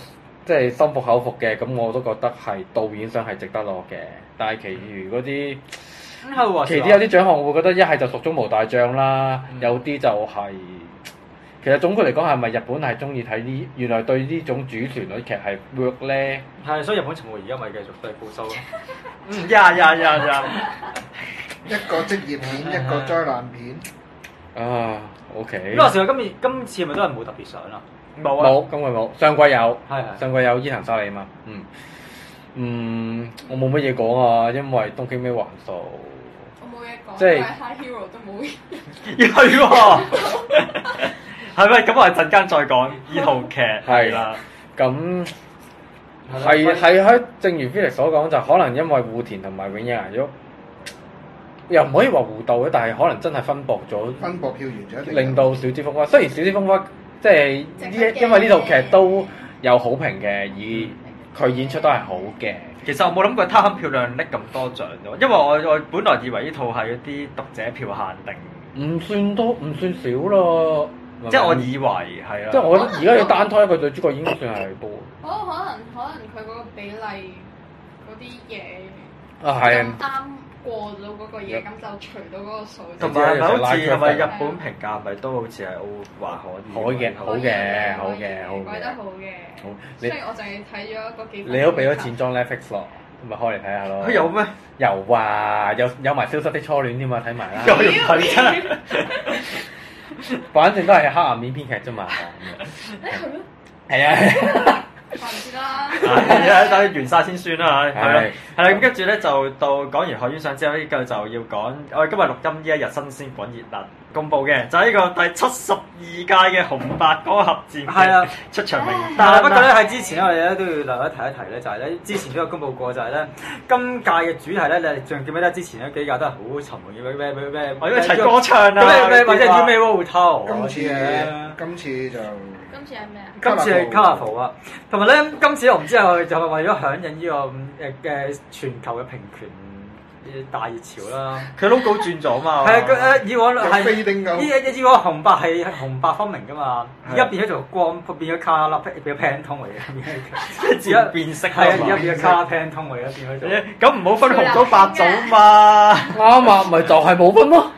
B: 即係心服口服嘅，咁我都覺得係導演上係值得攞嘅。但係其餘嗰啲，嗯、其啲有啲獎項，我會覺得一係就蜀中無大將啦，嗯、有啲就係、是。其實總括嚟講係咪日本係中意睇呢？原來對呢種主旋律劇係 work 咧？係，所以日本節目而家咪繼續都係高收咯。嗯，呀呀呀呀！一個職業片，一個災難片。啊，OK。呢個時候今月今次係咪都係冇特別上啊？冇啊。冇，今季冇。上季有。係係。上季有伊藤沙莉啊嘛。嗯。嗯，我冇乜嘢講啊，因為東京咩橫掃。我冇嘢
A: 講。
B: 即係。High hero 都冇。要啊要啊！係咪咁？我係陣間再講呢套劇啦。咁係係喺，正如 Felix 所講，就可能因為戶田同埋永野芽郁，又唔可以話互鬥嘅，但係可能真係分薄咗，分薄票完咗，令到小之風花。者雖然小之風花，即係呢，因為呢套劇都有好評嘅，以佢演出都係好嘅。其實我冇諗過他堪票量拎咁多獎嘅，因為我我本來以為呢套係一啲讀者票限定，唔算多，唔算少咯。即係我以為係啊！即係我覺得而家佢單胎，佢對主角已經算係多。可能可能佢嗰個比例嗰啲嘢，咁單過咗嗰個嘢，咁就除到嗰個數。同埋好似係咪日本評價咪都好似係還可以。好嘅，好嘅，好嘅，好嘅。得好嘅。好，所以我淨係睇咗嗰幾。
C: 你都俾咗錢
B: 裝 Netflix 咯，咪開嚟睇下咯。有咩？有啊，有有埋消失的初戀添嘛，睇埋啦。反正都係黑暗面編劇啫嘛，係 啊。
A: 明
B: 明快啲啦！啊，等完晒先算啦，係。係啦，係啦。咁跟住咧就到講完學院賞之後咧，就就要講我哋今日錄音呢一日新鮮滾熱辣，公佈嘅，就係呢個第七十二屆嘅紅白歌合戰。係啦，出場名單。但不過咧喺之前咧我哋咧都要留一提一提咧，就係咧之前都有公佈過，就係咧今屆嘅主題咧，你哋仲記得咧？之前咧幾屆都係好沉悶嘅咩咩咩，我一齊歌唱啊！或者演咩窩窩頭？今次，今次就。
A: 今次係 colour
B: 啊，同埋咧今次我唔知係就係為咗響應呢個誒嘅全球嘅平權大熱潮啦。佢 logo 轉咗啊嘛。係啊，佢誒以往係依依以往紅白係紅白分明噶嘛，而家變咗做光變咗卡啦變咗 Pantone，而家變咗變色係啊，而家變咗卡 Pantone 而家變咗咁唔好分紅組白組嘛？啱啊，咪就係冇分咯。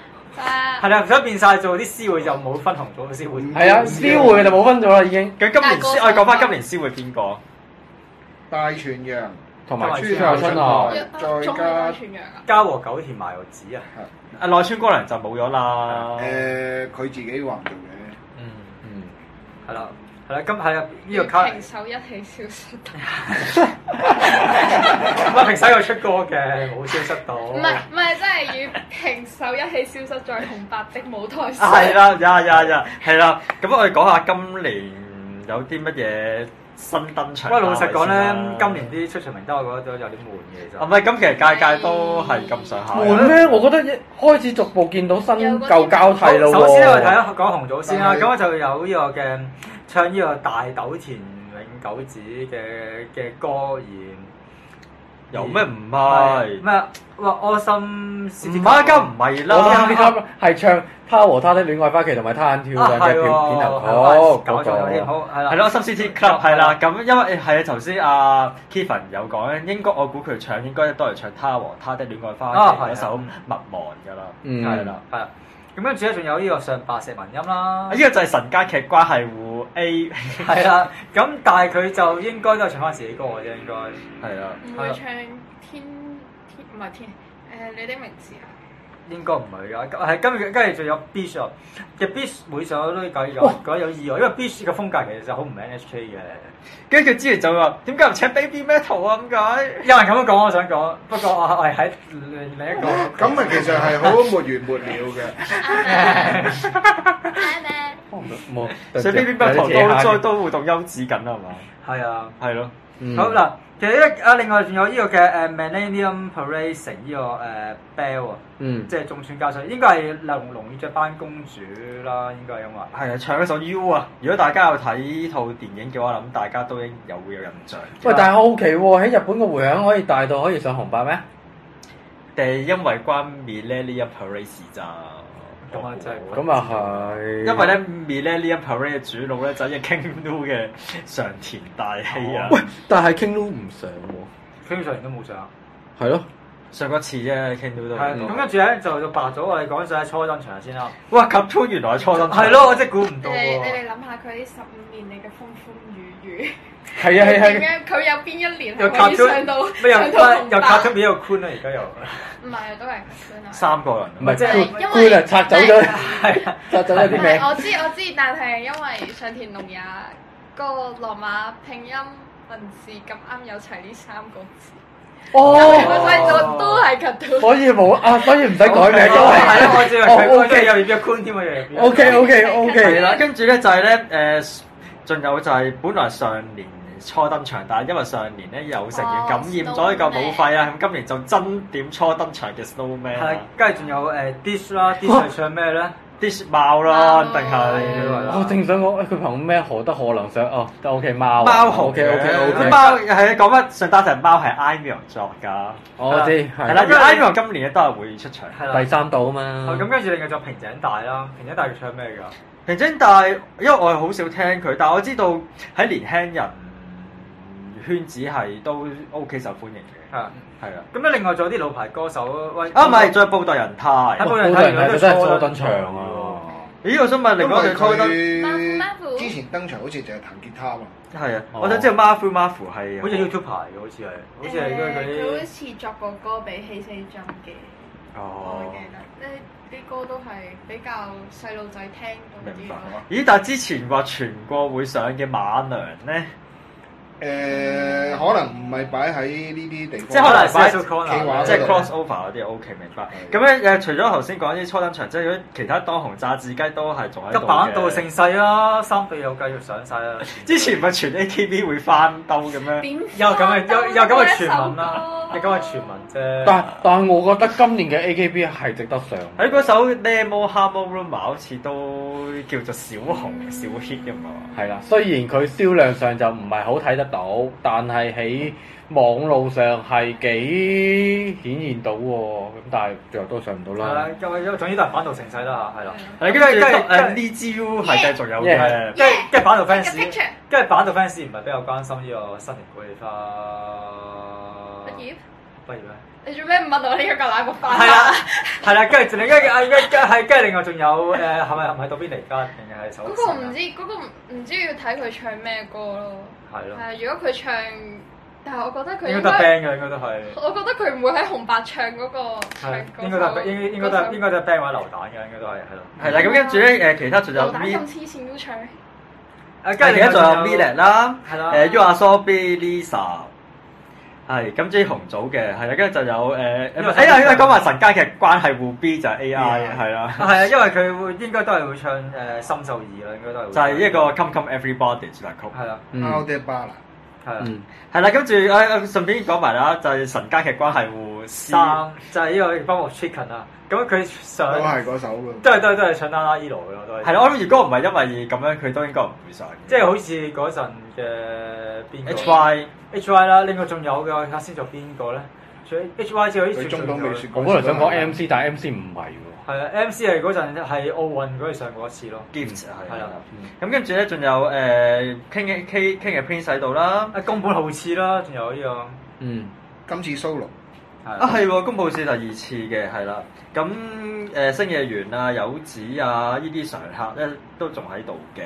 B: 係啦，而家變晒做啲司會就冇分紅咗嘅司會。係啊，司會就冇分咗啦，已經。佢今年司，我哋講翻今年司會邊個？大泉洋，同埋川口春奈再加再加加和久田麻由子啊。啊，內村光良就冇咗啦。誒，佢自己還定嘅。嗯嗯，係啦。係啦，今係啊！呢個卡平手一起
A: 消
B: 失。唔係平手有出歌嘅，冇消失到。唔係唔係，真係與平手一起消失在紅白的舞台上。係啦，有啊有啊有，係啦。咁我哋講下今年有啲乜嘢新登場。喂，老實講咧，今年啲出場名單我覺得都有啲悶嘅。啊唔係，咁其實屆屆都係咁上下。悶咩？我覺得一開始逐步見到新舊交替啦。首先咧，我哋睇下講紅組先啦。咁我就有呢個嘅。唱呢個大豆田永久子嘅嘅歌而有咩唔係咩？哇！阿心，唔係啊！今唔係啦，阿係唱他和他的戀愛花期同埋他險跳上嘅片頭曲。好，好，好，係啦，係啦，心，City Club 係啦。咁因為係啊，頭先阿 Kevin 有講咧，應該我估佢唱應該都係唱他和他的戀愛花期嗰首《勿忘》㗎啦，係啦，係。咁跟住咧，仲有呢個上白石文音啦。呢個就係晨間劇關係戶 A。 係啦，咁但係佢就應該都係唱翻自己歌嘅啫，應該。係啊。唔會唱天天唔係天誒、呃、你的名字啊。應該唔係㗎，係今日今日仲有 BiSH 嘅 BiSH 會上都搞有搞有意外，因為 BiSH 嘅風格其實就好唔 NHK 嘅。跟住佢之前就話，點解唔請 Baby Metal 啊？咁解有人咁樣講，我想講，不過我係喺另一個。咁咪其實係好沒
C: 完沒了嘅。咩？冇。所以 Baby Metal 再再
B: 多活動休止緊係嘛？係啊，係咯。好唔好啊？其實咧啊，另外仲有呢個嘅誒 Millennium Parade 呢個誒 Belle 喎，嗯，即係中串加上應該係《臘龍龍與雀斑公主》啦，應該因話。係啊，唱一首 U 啊！如果大家有睇呢套電影嘅話，諗大家都應有會有印象。喂，但係好奇喎、哦，喺、嗯、日本嘅回響可以大到可以上紅白咩？定係因為關 Millennium Parade 咋？咁啊真係咁啊係因為咧《Millennium Parade》 呢一 part 嘅主腦咧就係、是、King Gnu 嘅上田大希啊。哦、喂，但係 King Gnu 唔上喎、啊、King Gnu 連都冇上，上、啊。係咯了，上過一次啫，King Gnu 都係。咁跟住咧就就白咗我哋講曬初登場先啦、啊。哇！急推原來係初登場。係咯，我真係估唔到、啊、你哋諗下佢呢十五年嚟嘅風風雨。係啊係啊，佢有邊一年可以上到咩？又加又加出邊一個 queen 咧？而家又唔係啊，都係三個人，唔係 queen。queen 拆走咗，係拆走咗啲名。我知我知，但係因為上田龍也個羅馬拼音文字咁啱有齊呢三個字，哦，都係 cut 到。所以冇啊，所以唔使改名。OK OK OK，係啦，跟住咧就係咧誒。仲有就係本來上年初登場，但係因為上年咧有成員感染咗呢個武肺啊，咁今年就爭點初登場嘅 Snowman。係，跟住仲有誒 Dish 啦，Dish 唱咩咧？Dish 貓啦，定係？我正想講佢憑咩何德何能上？哦？都 OK 貓啊，OK OK OK 貓係講乜？順帶提貓係 Aimyon 作㗎，我知係啦。因為 Aimyon 今年都係會出場，第三度啊嘛。咁，跟住你繼續就平井大啦，平井大佢唱咩㗎？平靜，但係因為我係好少聽佢，但係我知道喺年輕人圈子係都 O K 受歡迎嘅，係係啊。咁咧，另外仲有啲老牌歌手，喂啊，唔係，再布袋寅泰，布袋寅泰佢真係初登場啊！咦，我想問另外佢於之前登場好似淨係彈吉他啊？係啊，我想知道 Mafumafu 係好似 YouTuber 嘅，好似係，好似係，佢好似作過歌俾希斯頓嘅，我記得啲歌都係比較細路仔聽多啲咯。咦？但係之前話傳過會上嘅馬娘咧。誒、呃、可能唔係擺喺呢啲地方，即係可能擺喺企劃，即係 cross over 嗰啲 OK 明白。咁咧誒，除咗頭先講啲初登場，即係如果其他當紅炸子雞都係仲喺度嘅。吉坂道勝勢啦，三倍又繼續上晒啦、啊。之前唔係傳 AKB 會翻兜咁咩？又咁係又又咁係傳聞啦，你咁係傳聞啫。但係但係，我覺得今年嘅 AKB 係值得上。喺嗰首根も葉も Rumor 好似都叫做小紅小 hit 㗎嘛。係啦，雖然佢銷量上就唔係好睇得。到，但係喺網路上係幾顯現到喎，咁但係最後都上唔到啦。係、啊，因為總之都係反盜成勢啦嚇，係啦。係，跟住跟住，誒呢招係繼續有嘅，跟跟、yeah, yeah, yeah, yeah, 反盜 fans，跟住反盜 fans 唔係比較關心呢個新型股嘅花。你做咩唔問我呢個夾奶個花？係啦，係啦，跟住仲有跟住啊，跟住另外仲有誒，係咪係咪？呃、到邊嚟㗎？定係首歌？嗰個唔知，嗰個唔知要睇佢唱咩歌咯。係咯了。係啊，如果佢唱，但係我覺得佢應該。應該 band 嘅、那個，應該都係。我覺得佢唔會喺紅白唱嗰個。係應該得，應應該得，應該得 band 或者流彈嘅，應該都係係啦。係啦了，咁跟住咧誒，對其他仲有。流彈咁
C: 黐線都唱。
B: 啊，跟住而家仲有 Billy 啦，誒了、呃、YOASOBI、LiSA。係，咁中意紅組嘅，係啦，跟住就有誒，呃、因為、A 哎、呀因為講埋晨間劇關係戶 B 就係 A I 嘅，係啦。係啊，因為佢會應該都係會唱誒、呃《心就義》啦，應該都係、呃。就係呢一個 Come Come Everybody 主題曲。係啊。嗯。歐弟巴啦。係啊。係啦，跟住誒誒，順便講埋啦，就係晨間劇關係戶 C，就係呢個 Chicken》啊。咁佢上都係嗰首㗎，都係都係都係唱《啦啦 ELO》㗎，我都係。係咯，我諗如果唔係因為咁樣，佢都應該唔會曬。即係好似嗰陣嘅邊個？H Y H Y 啦，呢個仲有嘅。我啱先做邊個咧？除 H Y 之外，仲有。我本來想講 M C，但係 M C 唔係喎。係啊，M C 係嗰陣係奧運嗰時上過一次咯。Games 係啊，咁跟住咧仲有誒 King 嘅 Prince 喺度啦，阿宮本浩次啦，仲有呢個。嗯，今次 solo。啊，係、啊、公佈是第二次嘅，係啦。咁誒星野源啊、柚、嗯啊、子啊，呢啲常客咧都仲喺度嘅。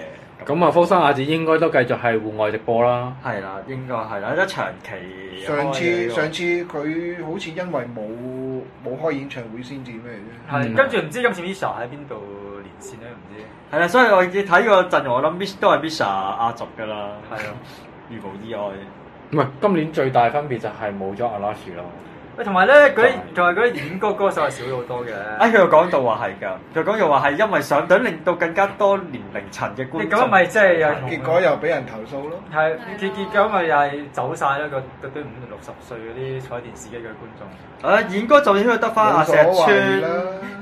B: 咁啊，福山雅治應該都繼續係戶外直播啦。係啦、嗯，應該係啦，一長期上。上次
C: 上次佢好似因為冇冇開演
B: 唱會先至咩啫。係跟住唔知今次 MISIA 喺邊度連線咧？啊，唔知。係啦、嗯， 所以我你睇個陣容，我諗 MISIA 都係 MISIA 阿族㗎啦。係咯、啊，如無意外。唔係、 嗯、今年最大分別就係冇咗 Arashi 咯。喂，同埋咧，嗰啲同埋嗰啲演歌歌手係少咗好多嘅。哎，佢又講到話係㗎，佢講又話係因為想等令到更加多年齡層嘅觀眾。咁咪即係又結果又俾人投訴咯？係結結果咪又係走晒一個一堆五六十歲嗰啲坐電視機嘅觀眾。啊，演歌就應該得翻阿石川，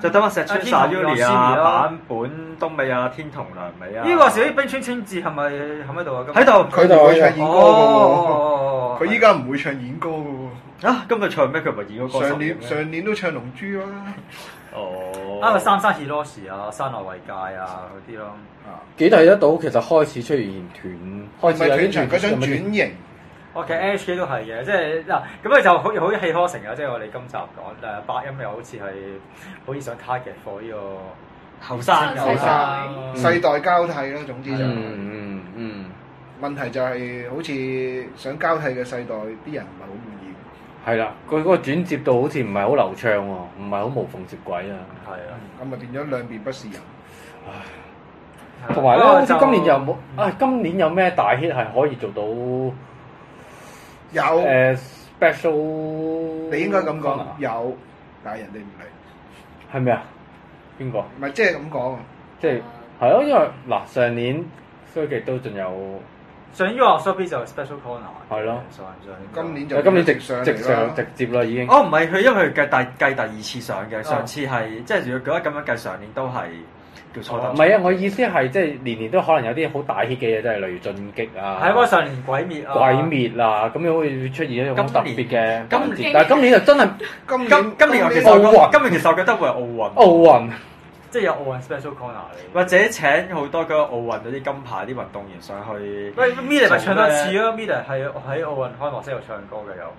B: 就得翻石川、啊、坂本、冬美啊、天童良美啊。呢個小冰川清志係咪喺咪度啊？喺度。佢就去唱演歌。佢依
C: 家唔會唱演歌喎。啊！今日唱咩？佢咪演個歌神咩？上年上年都唱龍珠
B: 啊？哦，啊，三生二多時啊，山外慧界啊，嗰啲咯。幾睇得到其實開始出現斷，開始斷層，佢想轉型。哦，其實 NHK 都係嘅，即係嗱，咁你就好似好似氣呵成啊，即係我哋今集講，但係百音又好似係好想 target For 呢個後生後生，世代
C: 交替咯，總之就嗯嗯問題就係好似想交替嘅世代啲人唔係好。
B: 係啦，佢嗰，那個轉接度好似唔係好流暢喎，唔係好無縫接軌啊。係啊，咁咪變咗兩邊不是人啊。唉，嗯，同埋咧，嗯，好似今年又冇，唉，嗯啊，今年有咩大 hit 係可以做到？有誒，呃，special，你應該咁講，啊，有，但係人哋唔嚟。係咩啊？邊個？唔係即係咁講，即係係咯，因為嗱，啊，上年衰極都仲有。上年 sorry 就 special corner，係咯，上年上年，今年就今年直上直上直接啦已經。哦，唔係佢，因為佢計第計第二次上嘅，上次係即係如果咁樣計上年都係叫錯。唔係啊，我意思係即係年年都可能有啲好大 heat 嘅嘢，即係例如進擊啊，係啊上年鬼滅，鬼滅啊，咁樣會出現一種咁特別嘅，今年，但係今年就真係今年今年其實今年其實我覺得會係奧運奧運。即係有奧運 special corner 嚟嘅，或者請好多嗰個奧運嗰啲金牌啲運動員上去。喂 Mila 咪唱多次咯，Mila 係喺奧運開幕式度唱歌嘅又。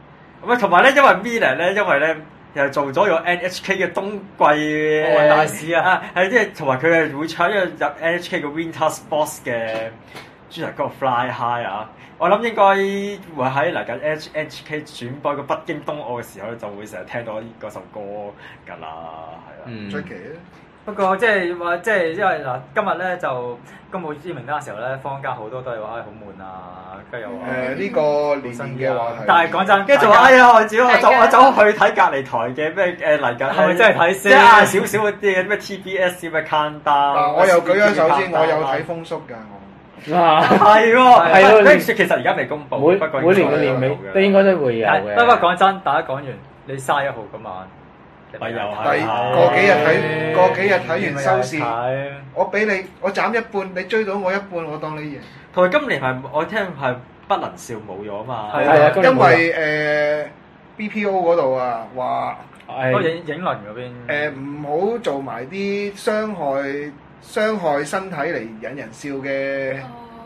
B: 唔係，同埋咧，因為 Mila 咧，因為咧又做咗有 NHK 嘅冬季奧運大使啊，係即係同埋佢係會唱一入 NHK 嘅 Winter Sports 嘅主題歌 Fly High 啊。我諗應該會喺嚟緊 NHK 轉播個北京冬奧嘅時候咧，就會成日聽到嗰首歌㗎啦，係啊。嗯。追極啊！不過即係話即係因為嗱，今日咧就公布啲名單嘅時候咧，坊間好多都係話唉好悶啊，跟住又話誒呢個年薪嘅話題，但係講真，跟住仲話唉呀，我只我走啊走去睇隔離台嘅咩誒嚟緊，係咪真係睇少少嗰啲咩 TBS 咩 can，但係我又舉咗手先，我有睇
C: 風叔
A: 㗎我，係喎係咯，跟住其實而家未公布，每每年嘅年都應該都會嘅。不過
B: 講真，大家講完，你嘥一號咁晚。咪又睇，過幾日睇，過的幾日睇的完收視，我俾你，我斬一
C: 半，你追到我一半，我當你贏。
B: 同埋今年係，我聽係不能笑冇咗啊嘛，因為
C: 誒 BPO 嗰度啊話，映映倫嗰邊，誒唔好做埋啲傷害傷害身體嚟
B: 引人笑嘅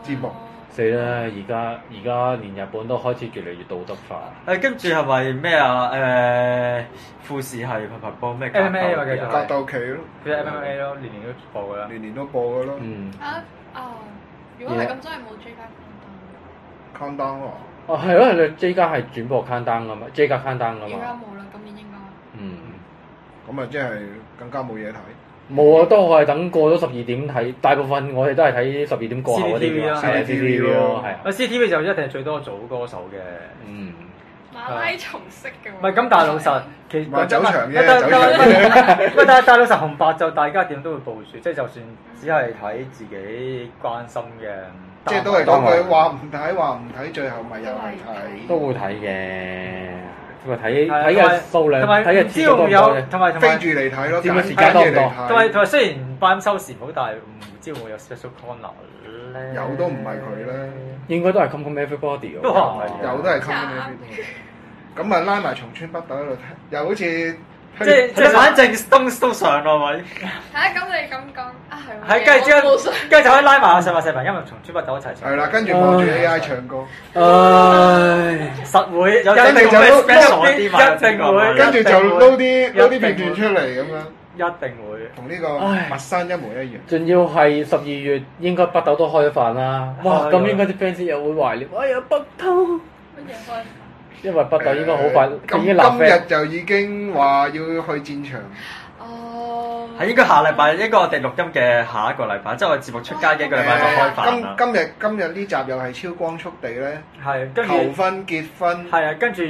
B: 節目。死啦，而家而家連日本都開始越嚟越道德化。誒，跟住係咪咩啊？誒，富士係拍拍波咩格鬥格鬥技咯，佢啲 MMA 咯，年年都播㗎啦，年年都播㗎咯。啊哦，如果係咁，真係冇 J 家 Countdown。Countdown 啊！哦，係咯，你 J 家係轉播 Countdown 㗎嘛，J 家 Countdown 㗎嘛。而家冇啦，今年應該。嗯，咁啊，即係更加冇嘢睇。冇啊，都係等過咗十二點睇，大部分我哋都係睇十二點過後嗰啲嘅，CCTV 咯，啊，CTV 就一定係最多組歌手嘅，
A: 嗯，馬拉
B: 松式嘅，唔係咁大老實，其實真係，唔係大大老實紅白就大家點都會報說，即係就算只係睇自己關心嘅，即係都係講句
C: 話唔睇話唔睇，最後咪又睇，都會
B: 睇嘅。睇睇嘅數量，睇嘅次數有，同埋，飛住嚟睇咯，點嘅時間多。同埋同埋雖然班收視唔好，但係唔知會唔會有 special corner 咧？有都唔係佢咧，應該都係 Come Come Everybody 喎，有都係 Come Come Everybody。
C: 咁啊，拉埋重村北斗喺度，又好似～即係即係，反
B: 正 Stone 都上咯，係咪？係啊，咁你咁講啊，係。係，跟住之後，跟住就可以拉埋阿成班成埋，因為同松村北斗一齊唱。係啦，跟住望住 AI 唱歌。唉，實會一定有咩？一一定會，跟住就撈啲撈啲片段出嚟咁樣，一定會同呢個密山一模一樣。仲要係十二月，應該北斗都開咗飯啦。哇！咁應該啲 fans 又會懷念，哎呀，北斗。因為北斗應該好快今日
C: 就已經話要去戰場。
B: 哦，係應該下禮拜，應該我哋錄音嘅下一個禮拜，即係我哋節目出街嘅一個禮拜就開飯。今
C: 日今日呢集又係超光速地咧，
B: 係跟住求婚結婚，係啊，跟住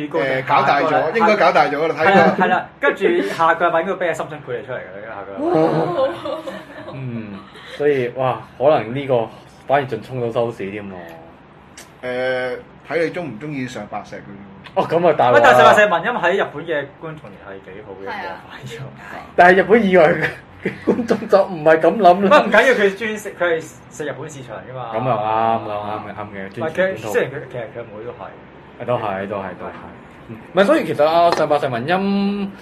B: 搞大咗，應該搞大咗啦，睇緊。係啦，跟住下個禮拜應該俾啲新鮮配離出嚟㗎
A: 啦，
B: 下個禮拜。嗯，所以哇，可能呢個反而仲充到收視添喎。誒，睇你中唔中意上白石哦，咁啊大！喂，但係上白石萌音喺日本嘅觀眾係幾好嘅，但係日本以外嘅觀眾就唔係咁諗啦。唔緊要佢專食，佢係食日本市場噶嘛？咁又啱嘅，啱嘅，啱嘅。雖然佢其實佢妹都係，都係，都係，都係。唔係，所以其實阿上白石萌音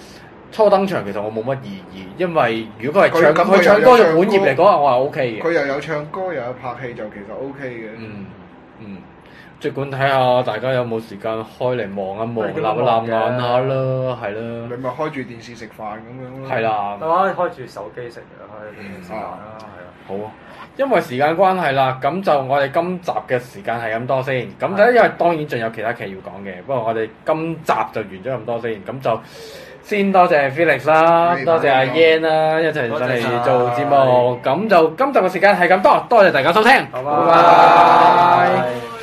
B: 初登場其實我冇乜異議，因為如果佢係唱佢唱歌做本業嚟講，我話 OK 嘅。佢又
C: 有唱歌又有拍戲，就其實 OK 嘅。嗯。嗯。
B: 即管睇下大家有冇時間開嚟望一望、攬一攬、玩下啦，係啦。你咪開住電視食飯咁樣咯。係啦。係嘛？開住手機食啊，開住電視食啊，係啊。好啊，因為時間關係啦，咁就我哋今集嘅時間係咁多先。咁睇，因為當然仲有其他劇要講嘅，不過我哋今集就完咗咁多先。咁就先多謝 Felix 啦，多謝阿 Yan 啦，一齊上嚟做節目。咁就今集嘅時間係咁多，多謝大家收聽。
A: 拜拜。